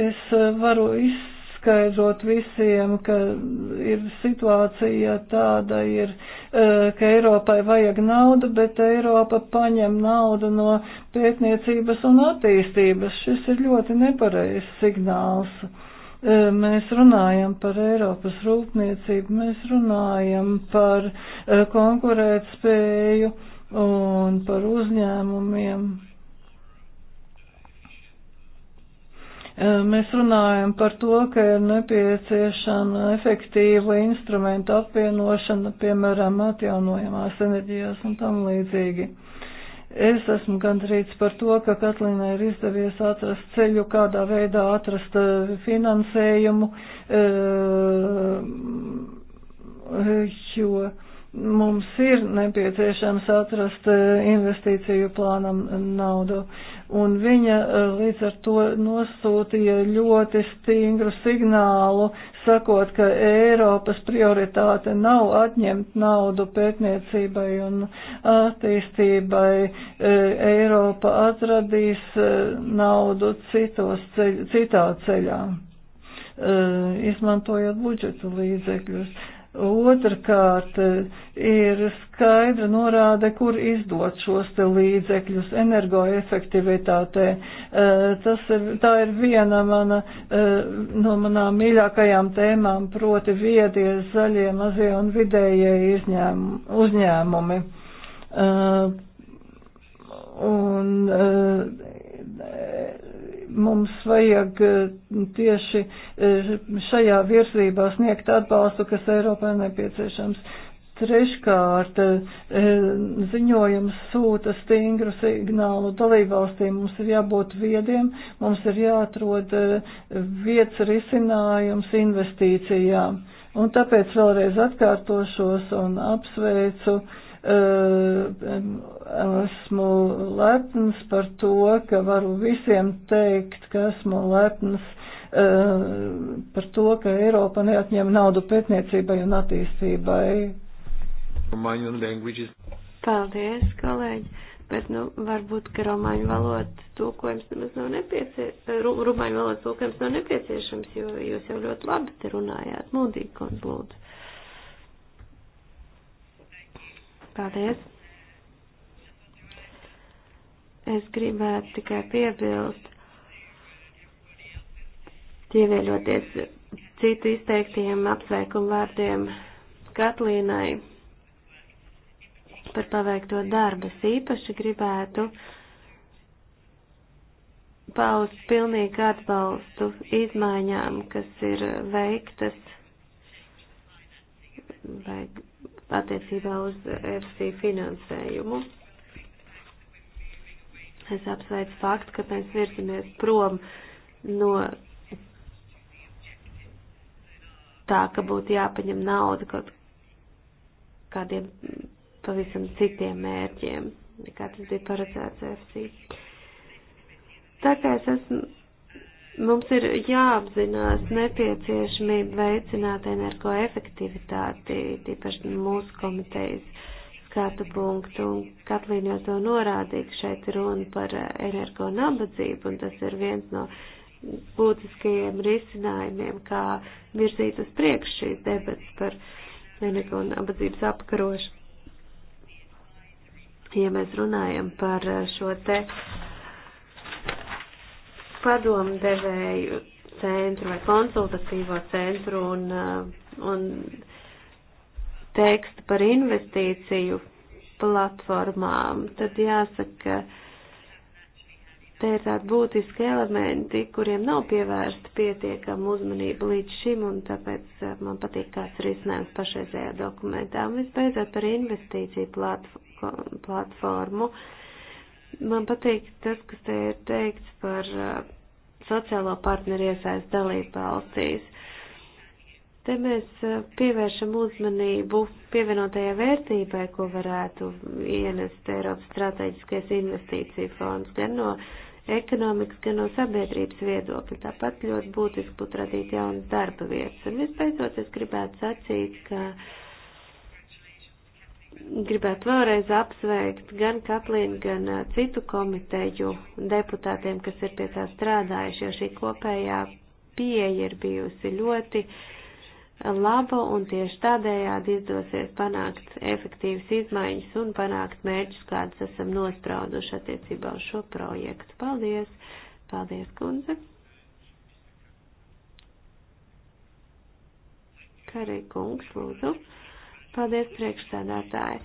es varu izskaidrot visiem, ka ir situācija tāda ir, ka Eiropai vajag naudu, bet Eiropa paņem naudu no pētniecības un attīstības. Šis ir ļoti nepareizs signāls. E, mēs runājam par Eiropas rūpniecību, mēs runājam par e, konkurētspēju un par uzņēmumiem. E, mēs runājam par to, ka ir nepieciešama efektīva instrumenta apvienošana, piemēram, atjaunojamās enerģijās un tam līdzīgi. Uh, Es esmu gandrīz par to, ka Katlīnai ir izdevies atrast ceļu, kādā veidā atrast eh, finansējumu, eh, jo mums ir nepieciešams atrast eh, investīciju plānam naudu un viņa e, līdz ar to nosūtīja ļoti stingru signālu, sakot, ka Eiropas prioritāte nav atņemt naudu pētniecībai un attīstībai. E, Eiropa atradīs e, naudu citos ceļ, citā ceļā, izmantojot budžeta līdzekļus. Otrkārt, ir skaidra norāde, kur izdot šos te līdzekļus energoefektivitātē. Eh, tas ir, tā ir viena mana, eh, no manām mīļākajām tēmām, proti viedie, zaļie, mazie un vidējie izņēm, uzņēmumi. Eh, un, mums vajag eh, tieši eh, šajā virzībā sniegt atbalstu, kas Eiropā nepieciešams. Treškārt, eh, ziņojums sūta stingru signālu dalībvalstīm. Mums ir jābūt viediem, mums ir jāatrod vietas risinājums investīcijām. Un tāpēc vēlreiz atkārtošos un apsveicu uh, Eh, esmu lepns par to, ka varu visiem teikt, ka esmu lepns eh, par to, ka Eiropa neatņem naudu pētniecībai un attīstībai. Paldies, kolēģi! bet, nu, varbūt, ka romāņu valodas tūkojums nemaz nav nepieciešams, rumāņu valodas tūkojums nav nepieciešams, jo jūs jau ļoti labi te runājāt, mūdīgi, kundz, lūdzu. Paldies. Es gribētu tikai piebilst, ievēļoties citu izteiktiem apsveikumu vārdiem Katlīnai par paveikto darbu. Es īpaši gribētu paust pilnīgu atbalstu izmaiņām, kas ir veiktas vai attiecībā uz FC finansējumu. Es apsveicu faktu, ka mēs virzamies prom no tā, ka būtu jāpaņem nauda kaut kādiem pavisam citiem mērķiem, nekā tas bija paredzēts FC. Tā kā es esmu Mums ir jāapzinās nepieciešamība veicināt energoefektivitāti, tīpaši mūsu komitejas skatu punktu. Katlīna jau to norādīja, ka šeit ir runa par energo nabadzību, un tas ir viens no būtiskajiem risinājumiem, kā virzīt uz priekšu šīs debats par energo nabadzības apkarošanu. Ja mēs runājam par šo te uh, padomu devēju centru vai konsultatīvo centru un, uh, un tekstu par investīciju platformām, tad jāsaka, te ir tādi būtiski elementi, kuriem nav pievērsta pietiekama uzmanība līdz šim, un tāpēc uh, man patīk kāds risinājums pašreizējā dokumentā. Un visbeidzot par investīciju platformu. platformu Man patīk tas, kas te ir teikts par uh, sociālo partneru iesaist dalību valstīs. Te mēs uh, pievēršam uzmanību pievienotajai vērtībai, ko varētu ienest Eiropas strateģiskais investīcija fonds gan no ekonomikas, gan no sabiedrības viedokļa. Tāpat ļoti būtiski būtu radīt jaunas darba vietas. Un visbeidzot, es gribētu sacīt, ka uh, gribētu vēlreiz apsveikt gan Katlīnu, gan citu komiteju deputātiem, kas ir pie tā strādājuši, jo šī kopējā pieeja ir bijusi ļoti laba un tieši tādējādi izdosies panākt efektīvas izmaiņas un panākt mērķus, kādus esam nosprauduši attiecībā uz šo projektu. Paldies! Paldies, kundze! Karī kungs, lūdzu! Paldies, priekšsēdētāji.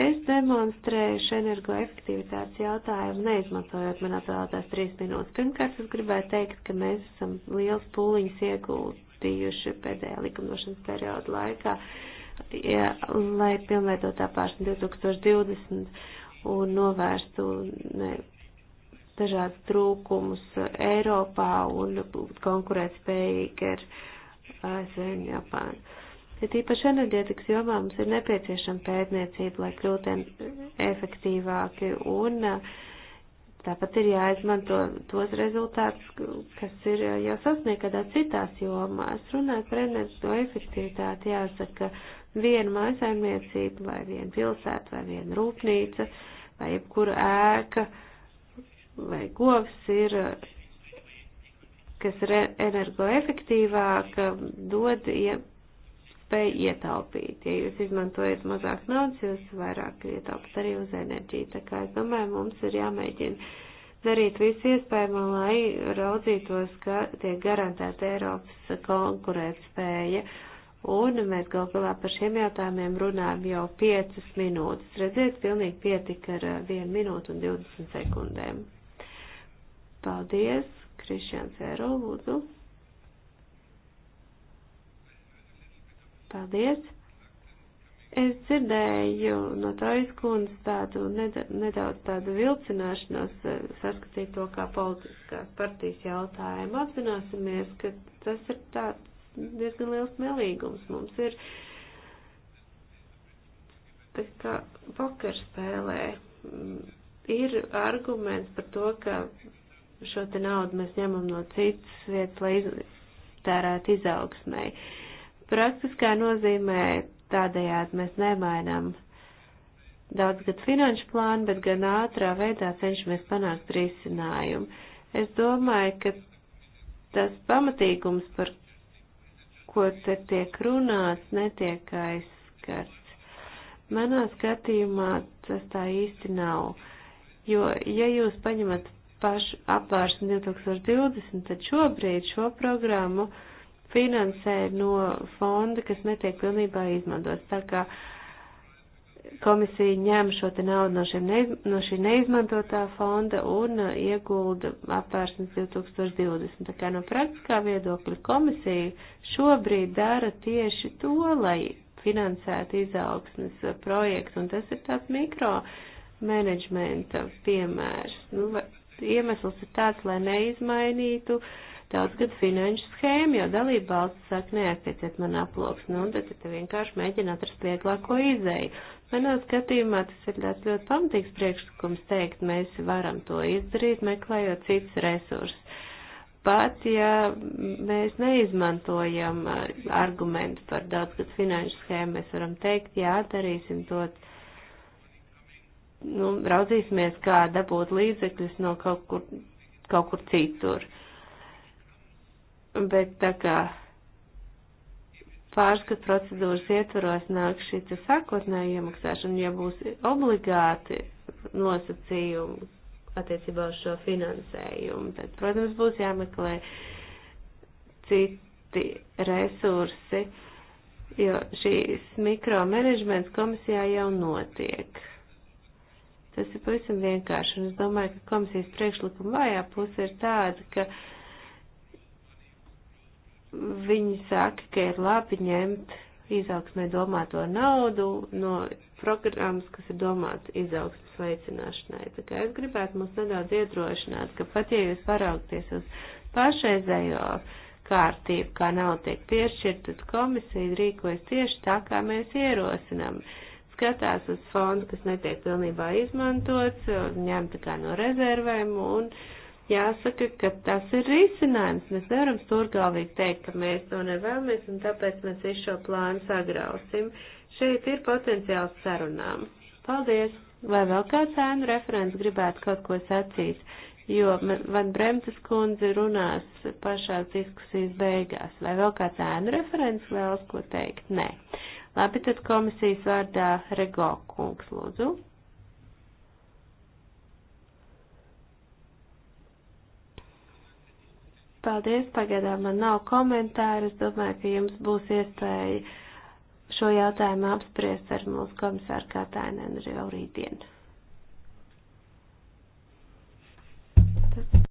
Es demonstrējuši energoefektivitātes jautājumu, neizmantojot man atvēlētās trīs minūtes. Pirmkārt, es gribēju teikt, ka mēs esam liels pūliņus ieguldījuši pēdējā likumdošanas perioda laikā, ja, lai pilnveidotā pārsni 2020 un novērstu ne, dažādas trūkumus Eiropā un būt konkurētspējīgi ar ASV un Japānu. Ja tīpaši enerģētikas jomā mums ir nepieciešama pētniecība, lai kļūtu efektīvāki un eh, tāpat ir jāizmanto tos rezultātus, kas ir eh, jau sasniegt kādā citās jomās. Runāt par enerģētisko efektivitāti jāsaka viena mājasaimniecība vai viena pilsēta vai viena rūpnīca vai jebkura ēka vai govs ir eh, kas ir e-, energoefektīvāk, dod ja, spēj ietaupīt. Ja jūs izmantojat mazāk naudas, jūs vairāk ietaupat arī uz enerģiju. Tā kā es domāju, mums ir jāmēģina darīt visu iespējamo, lai raudzītos, ka tiek garantēta Eiropas konkurētspēja. Un mēs gal galā par šiem jautājumiem runājam jau 5 minūtes. Redziet, pilnīgi pietika ar 1 minūtu un 20 sekundēm. Paldies, Krišjāns Ēro, lūdzu. Paldies! Es dzirdēju no Tojas kundas tādu nedaudz tādu vilcināšanos eh, saskatīt to kā politiskās partijas jautājumu. Apzināsimies, ka tas ir tāds diezgan liels melīgums mums ir. Tā kā pokerspēlē mm, ir arguments par to, ka šo te naudu mēs ņemam no citas vietas, lai tērētu izaugsmēji Praktiskā nozīmē tādējādi mēs nemainām daudz gadu finanšu plānu, bet gan ātrā veidā cenšamies panākt risinājumu. Es domāju, ka tas pamatīgums, par ko te tiek runāts, netiek aizskarts. Manā skatījumā tas tā īsti nav, jo, ja jūs paņemat pašu apvārsni 2020, tad šobrīd šo programmu uh, finansē no fonda, kas netiek pilnībā izmantots. Tā kā komisija ņem šo te naudu no, šiem, neiz, no šī neizmantotā fonda un uh, iegulda apvērsnes 2020. Tā kā no praktiskā viedokļa komisija šobrīd dara tieši to, lai finansētu izaugsmes uh, projektu, un tas ir tāds mikro menedžmenta piemērs. Nu, iemesls ir tāds, lai neizmainītu uh, daudzgad finanšu schēmu, jo dalība valsts saka, neaktieciet man aploksni, un tad te vienkārši mēģina atrast vieglāko izēju. Manā skatījumā tas ir tāds ļoti pamatīgs priekšlikums teikt, mēs varam to izdarīt, meklējot citas resursus. Pat, ja mēs neizmantojam eh, argumentu par daudzgad finanšu schēmu, mēs varam teikt, jā, darīsim to nu, raudzīsimies, kā dabūt līdzekļus no kaut kur, kaut kur citur bet tā kā pārskat procedūras ietvaros nāk šī sākotnēja iemaksāšana, ja būs obligāti nosacījumi attiecībā uz šo finansējumu, tad, protams, būs jāmeklē citi resursi, jo šīs mikromanagements komisijā jau notiek. Tas ir pavisam vienkārši, un es domāju, ka komisijas priekšlikuma vājā puse ir tāda, ka uh, Viņi saka, ka ir labi ņemt izaugsmē domāto naudu no programmas, kas ir domāta izaugsmas veicināšanai. Tā kā es gribētu mums nedaudz iedrošināt, ka pat ja jūs paraugties uz pašreizējo kārtību, kā nav tiek piešķirt, tad komisija rīkojas tieši tā, kā mēs ierosinām. Skatās uz fondu, kas netiek pilnībā izmantots, ņemta kā no rezervēm un uh, jāsaka, ka tas ir risinājums. Mēs nevaram stūrgalvīgi teikt, ka mēs to nevēlamies un tāpēc mēs visu šo plānu sagrausim. Šeit ir potenciāls sarunām. Paldies! Vai vēl kāds ēnu referents gribētu kaut ko sacīt? Jo Van Bremtes kundze runās pašās diskusijas beigās. Vai vēl kāds ēnu referents vēlas ko teikt? Nē. Labi, tad komisijas vārdā Rego kungs, lūdzu. Paldies, pagaidām man nav komentāru. Es domāju, ka jums būs iespēja šo jautājumu apspriest ar mūsu komisāru Katainēnu jau rītdien. Tas.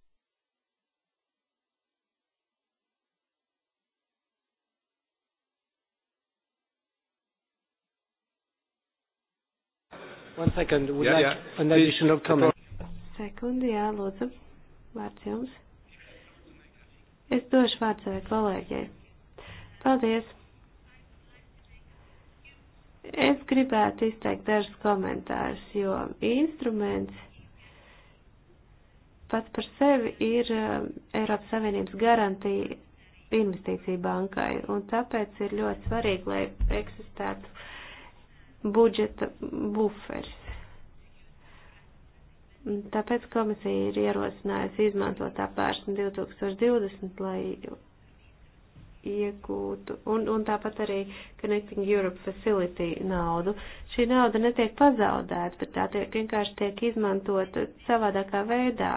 One second. Would yeah, like yeah. an additional comment. Sekundi, jā, lūdzu. Vārds jums. Es došu vārdu savai kolēģei. Paldies! Es gribētu izteikt dažus komentārus, jo instruments pats par sevi ir um, Eiropas Savienības garantija investīciju bankai, un tāpēc ir ļoti svarīgi, lai eksistētu budžeta buferis. Tāpēc komisija ir ierosinājusi izmantot apvērsni 2020, lai iegūtu, un, un tāpat arī Connecting Europe Facility naudu. Šī nauda netiek pazaudēta, bet tā tiek, vienkārši tiek izmantot savādākā veidā,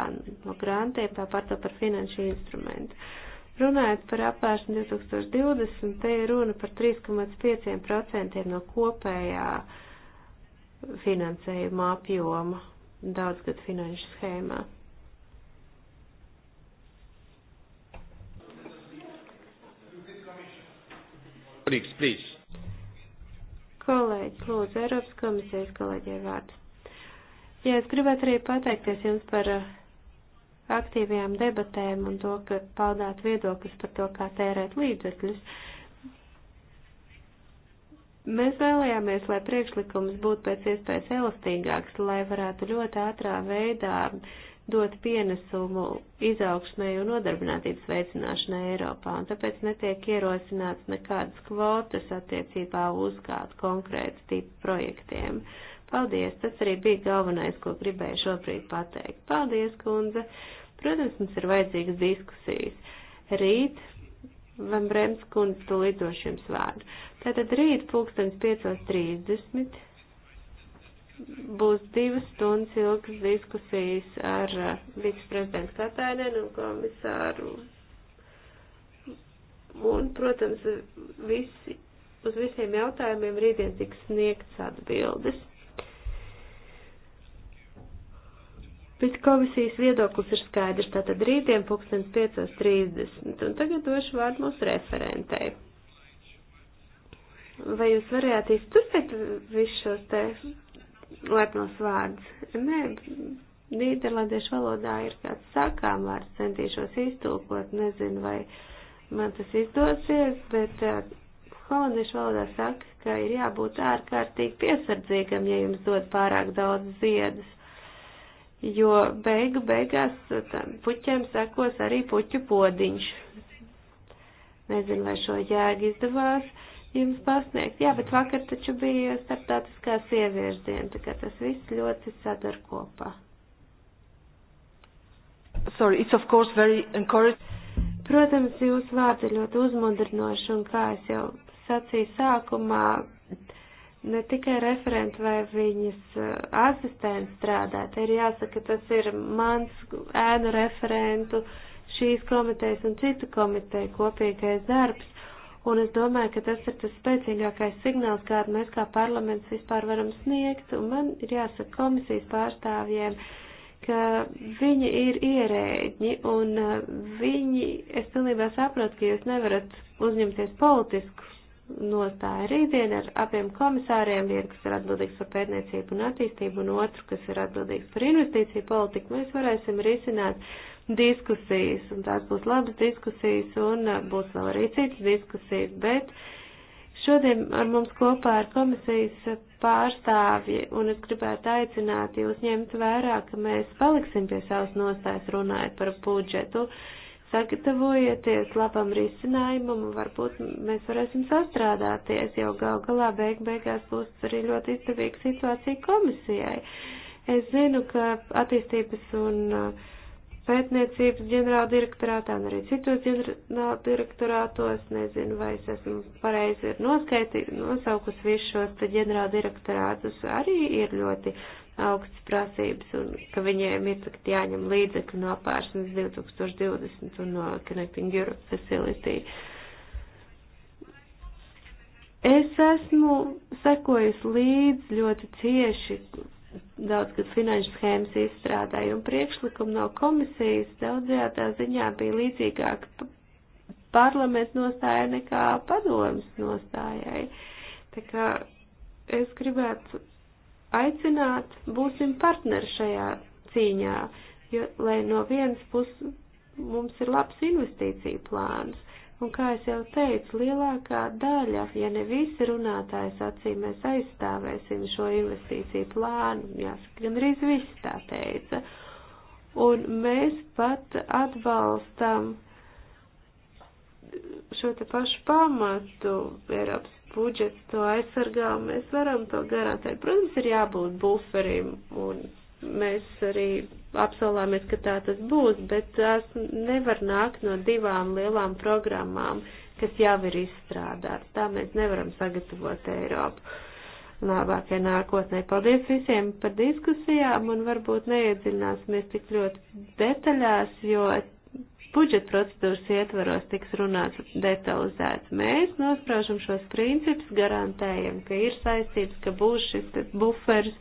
no grantiem, tāpat to par finanšu instrumentu. Runājot par apvērsni 2020, te ir runa par 3,5% no kopējā finansējuma apjoma daudzgad finanšu schēmā. Kolēģis, please. Kolēģis, lūdzu, Eiropas komisijas kolēģiem vārds. Jā, es gribētu arī pateikties jums par uh, aktīvajām debatēm un to, ka paudāt viedokļus par to, kā tērēt līdzekļus. Mēs vēlējāmies, lai priekšlikums būtu pēc iespējas elastīgāks, lai varētu ļoti ātrā veidā dot pienesumu izaugsmēju un nodarbinātības veicināšanai Eiropā, un tāpēc netiek ierosināts nekādas kvotas attiecībā uz kādu konkrētu tipu projektiem. Paldies, tas arī bija galvenais, ko gribēju šobrīd pateikt. Paldies, kundze! Protams, mums ir vajadzīgas diskusijas. Rīt Van Brems kundze to lidošu jums vārdu. Tātad rīt pulkstens 5.30 būs divas stundas ilgas diskusijas ar uh, viceprezidentu Katainenu un komisāru. Un, protams, visi, uz visiem jautājumiem rītdien tiks sniegts atbildes. Bet komisijas viedoklis ir skaidrs, tātad rītdien 15.30. Un tagad došu vārdu mūsu referentei. Vai jūs varētu izturpēt visus šos te lepnos vārdus? Nē, nīderlandiešu valodā ir kāds sākām vārds, centīšos iztulkot, nezinu, vai man tas izdosies, bet uh, holandiešu valodā saka, ka ir jābūt ārkārtīgi piesardzīgam, ja jums dod pārāk daudz ziedus jo beigu beigās tam puķiem sekos arī puķu podiņš. Nezinu, vai šo jēgu izdevās jums pasniegt. Jā, bet vakar taču bija starptautiskā sieviešu diena, tā kā tas viss ļoti sadar kopā. Sorry, it's of course very encouraging. Protams, jūsu vārdi ļoti uzmundrinoši, un kā es jau sacīju sākumā, ne tikai referenti vai viņas eh, asistenti strādā, te ir jāsaka, tas ir mans ēnu referentu, šīs komitejas un citu komiteju kopīgais darbs, un es domāju, ka tas ir tas spēcīgākais signāls, kādu mēs kā parlaments vispār varam sniegt, un man ir jāsaka komisijas pārstāvjiem, ka viņi ir ierēģi, un eh, viņi, es pilnībā saprotu, ka jūs nevarat uzņemties politiskus nostāja rītdien ar abiem komisāriem, vienu, kas ir atbildīgs par pētniecību un attīstību, un otru, kas ir atbildīgs par investīciju politiku, mēs varēsim risināt diskusijas, un tās būs labas diskusijas, un uh, būs vēl arī citas diskusijas, bet šodien ar mums kopā ir komisijas pārstāvji, un es gribētu aicināt jūs ņemt vērā, ka mēs paliksim pie savas nostājas runājot par budžetu. Uh, sagatavojieties labam risinājumam un varbūt mēs varēsim sastrādāties, jo gal galā beig beigās būs arī ļoti izdevīga situācija komisijai. Es zinu, ka attīstības un uh, pētniecības ģenerāla direktorātā un arī citos ģenerāla direktorātos, nezinu, vai es esmu pareizi noskaiti, nosaukus visus šos ģenerāla direktorātus, arī ir ļoti augstas prasības un ka viņiem ir tagad jāņem līdzekļi no pārsnes 2020 un no Connecting Europe Facility. Es esmu sekojusi līdz ļoti cieši daudzgad finanšu schēmas izstrādāju un priekšlikumu no komisijas daudzajā ziņā bija līdzīgāka parlamentu nostāja nekā padomas nostājai. Tā kā es gribētu aicināt, būsim partneri šajā cīņā, jo, lai no vienas puses mums ir labs investīcija plāns. Un kā es jau teicu, lielākā daļa, ja ne visi runātāji sacīja, mēs aizstāvēsim šo investīciju plānu, jāsaka, gan arī viss tā teica. Un mēs pat atbalstam šo te pašu pamatu Eiropas budžets to aizsargā, mēs varam to garantēt. Protams, ir jābūt buferim, un mēs arī apsolāmies, ka tā tas būs, bet tās nevar nākt no divām lielām programmām, kas jau ir izstrādātas. Tā mēs nevaram sagatavot Eiropu. Labākajai nākotnē. Paldies visiem par diskusijām un varbūt neiedziļināsimies tik ļoti detaļās, jo budžeta procedūras ietvaros tiks runāts detalizēts. Mēs nospraužam šos principus, garantējam, ka ir saistības, ka būs šis buferis,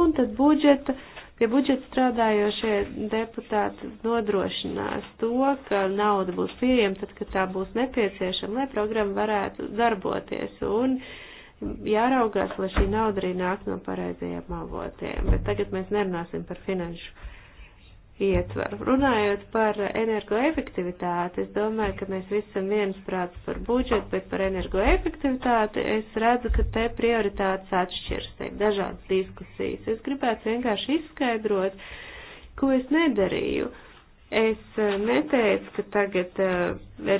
un tad budžeta, pie budžeta strādājošie deputāti nodrošinās to, ka nauda būs pieejama tad, kad tā būs nepieciešama, lai programma varētu darboties. Un, Jāraugās, lai šī nauda arī nāk no pareizajiem avotiem, bet tagad mēs nerunāsim par finanšu ietvaru. Runājot par energoefektivitāti, es domāju, ka mēs visi esam viensprāts par budžetu, bet par energoefektivitāti es redzu, ka te prioritātes atšķiras, te dažādas diskusijas. Es gribētu vienkārši izskaidrot, ko es nedarīju. Es eh, neteicu, ka tagad uh,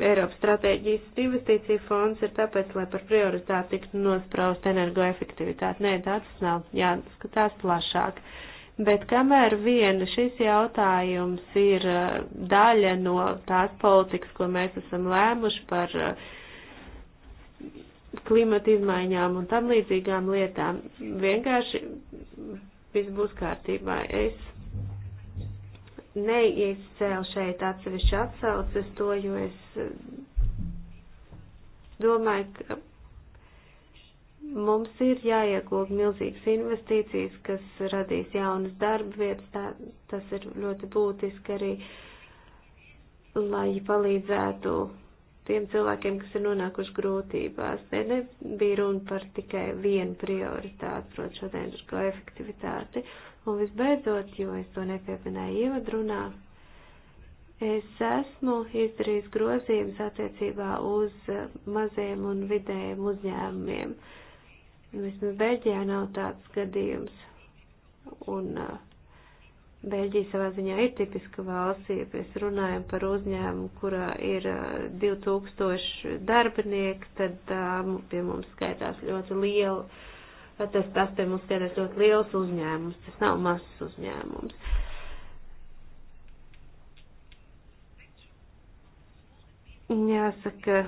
Eiropas stratēģijas investīcija fonds ir tāpēc, lai par prioritāti tiktu nospraust energoefektivitāti. Nē, tāds nav jāskatās plašāk. Uh, Bet kamēr vien šis jautājums ir eh, daļa no tās politikas, ko mēs esam lēmuši par eh, klimata izmaiņām un tam līdzīgām lietām, vienkārši viss būs kārtībā. Es neizcēlu šeit atsevišķu atsauces to, jo es eh, domāju, ka mums ir jāiegūst milzīgas investīcijas, kas radīs jaunas darba vietas. Tā, tas ir ļoti būtiski arī, lai palīdzētu tiem cilvēkiem, kas ir nonākuši grūtībās. Te nebija runa par tikai vienu prioritāti, proti šo energoefektivitāti. Un visbeidzot, jo es to nepieminēju ievadrunā, Es esmu izdarījis grozījumus attiecībā uz eh, maziem un vidējiem uzņēmumiem. Uh, Vismaz Beļģijā nav tāds gadījums. Un uh, Beļģija savā ziņā ir tipiska valsts, ja mēs runājam par uzņēmumu, kurā ir 2000 uh, darbinieku, tad um, pie mums skaitās ļoti liela, tas, tas pie mums skaitās ļoti liels uzņēmums, tas nav mazs uzņēmums. Jāsaka,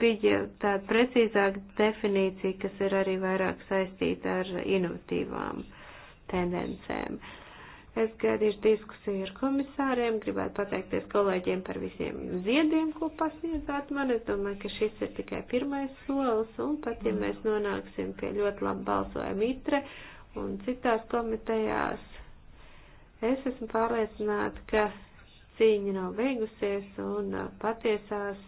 bija tāda precīzāka definīcija, kas ir arī vairāk saistīta ar inovatīvām tendencēm. Es gadīšu diskusiju ar komisāriem, gribētu pateikties kolēģiem par visiem ziediem, ko pasniedzāt man. Es domāju, ka šis ir tikai pirmais solis, un pat ja mēs nonāksim pie ļoti labi balsojuma itre un citās komitejās, es esmu pārliecināta, ka cīņa nav beigusies un patiesās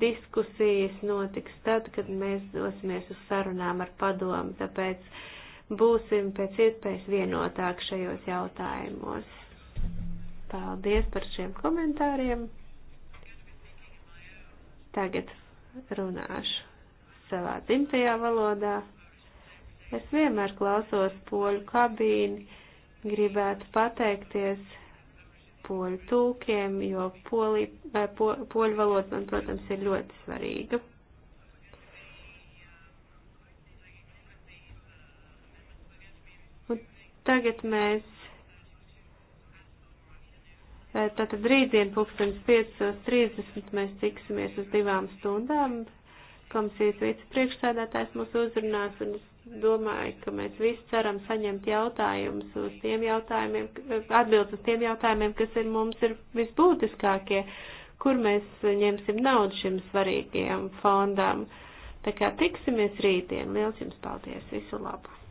diskusijas notiks tad, kad mēs dosimies uz sarunām ar padomu, tāpēc būsim pēc iespējas vienotāk šajos jautājumos. Paldies par šiem komentāriem. Tagad runāšu savā dzimtajā valodā. Es vienmēr klausos poļu kabīni, gribētu pateikties poļu tūkiem, jo poli, po, poļu valoda man, protams, ir ļoti svarīga. Un tagad mēs, eh, tātad rītdien pulkstens 5.30 mēs tiksimies uz divām stundām. Komisijas vicepriekšsēdētājs mūs uzrunās un es domāju, ka mēs visi ceram saņemt jautājumus uz tiem jautājumiem, atbildes uz tiem jautājumiem, kas ir mums ir visbūtiskākie, kur mēs ņemsim naudu šim svarīgajam fondam. Tā kā tiksimies rītdien. Liels jums paldies. Visu labu!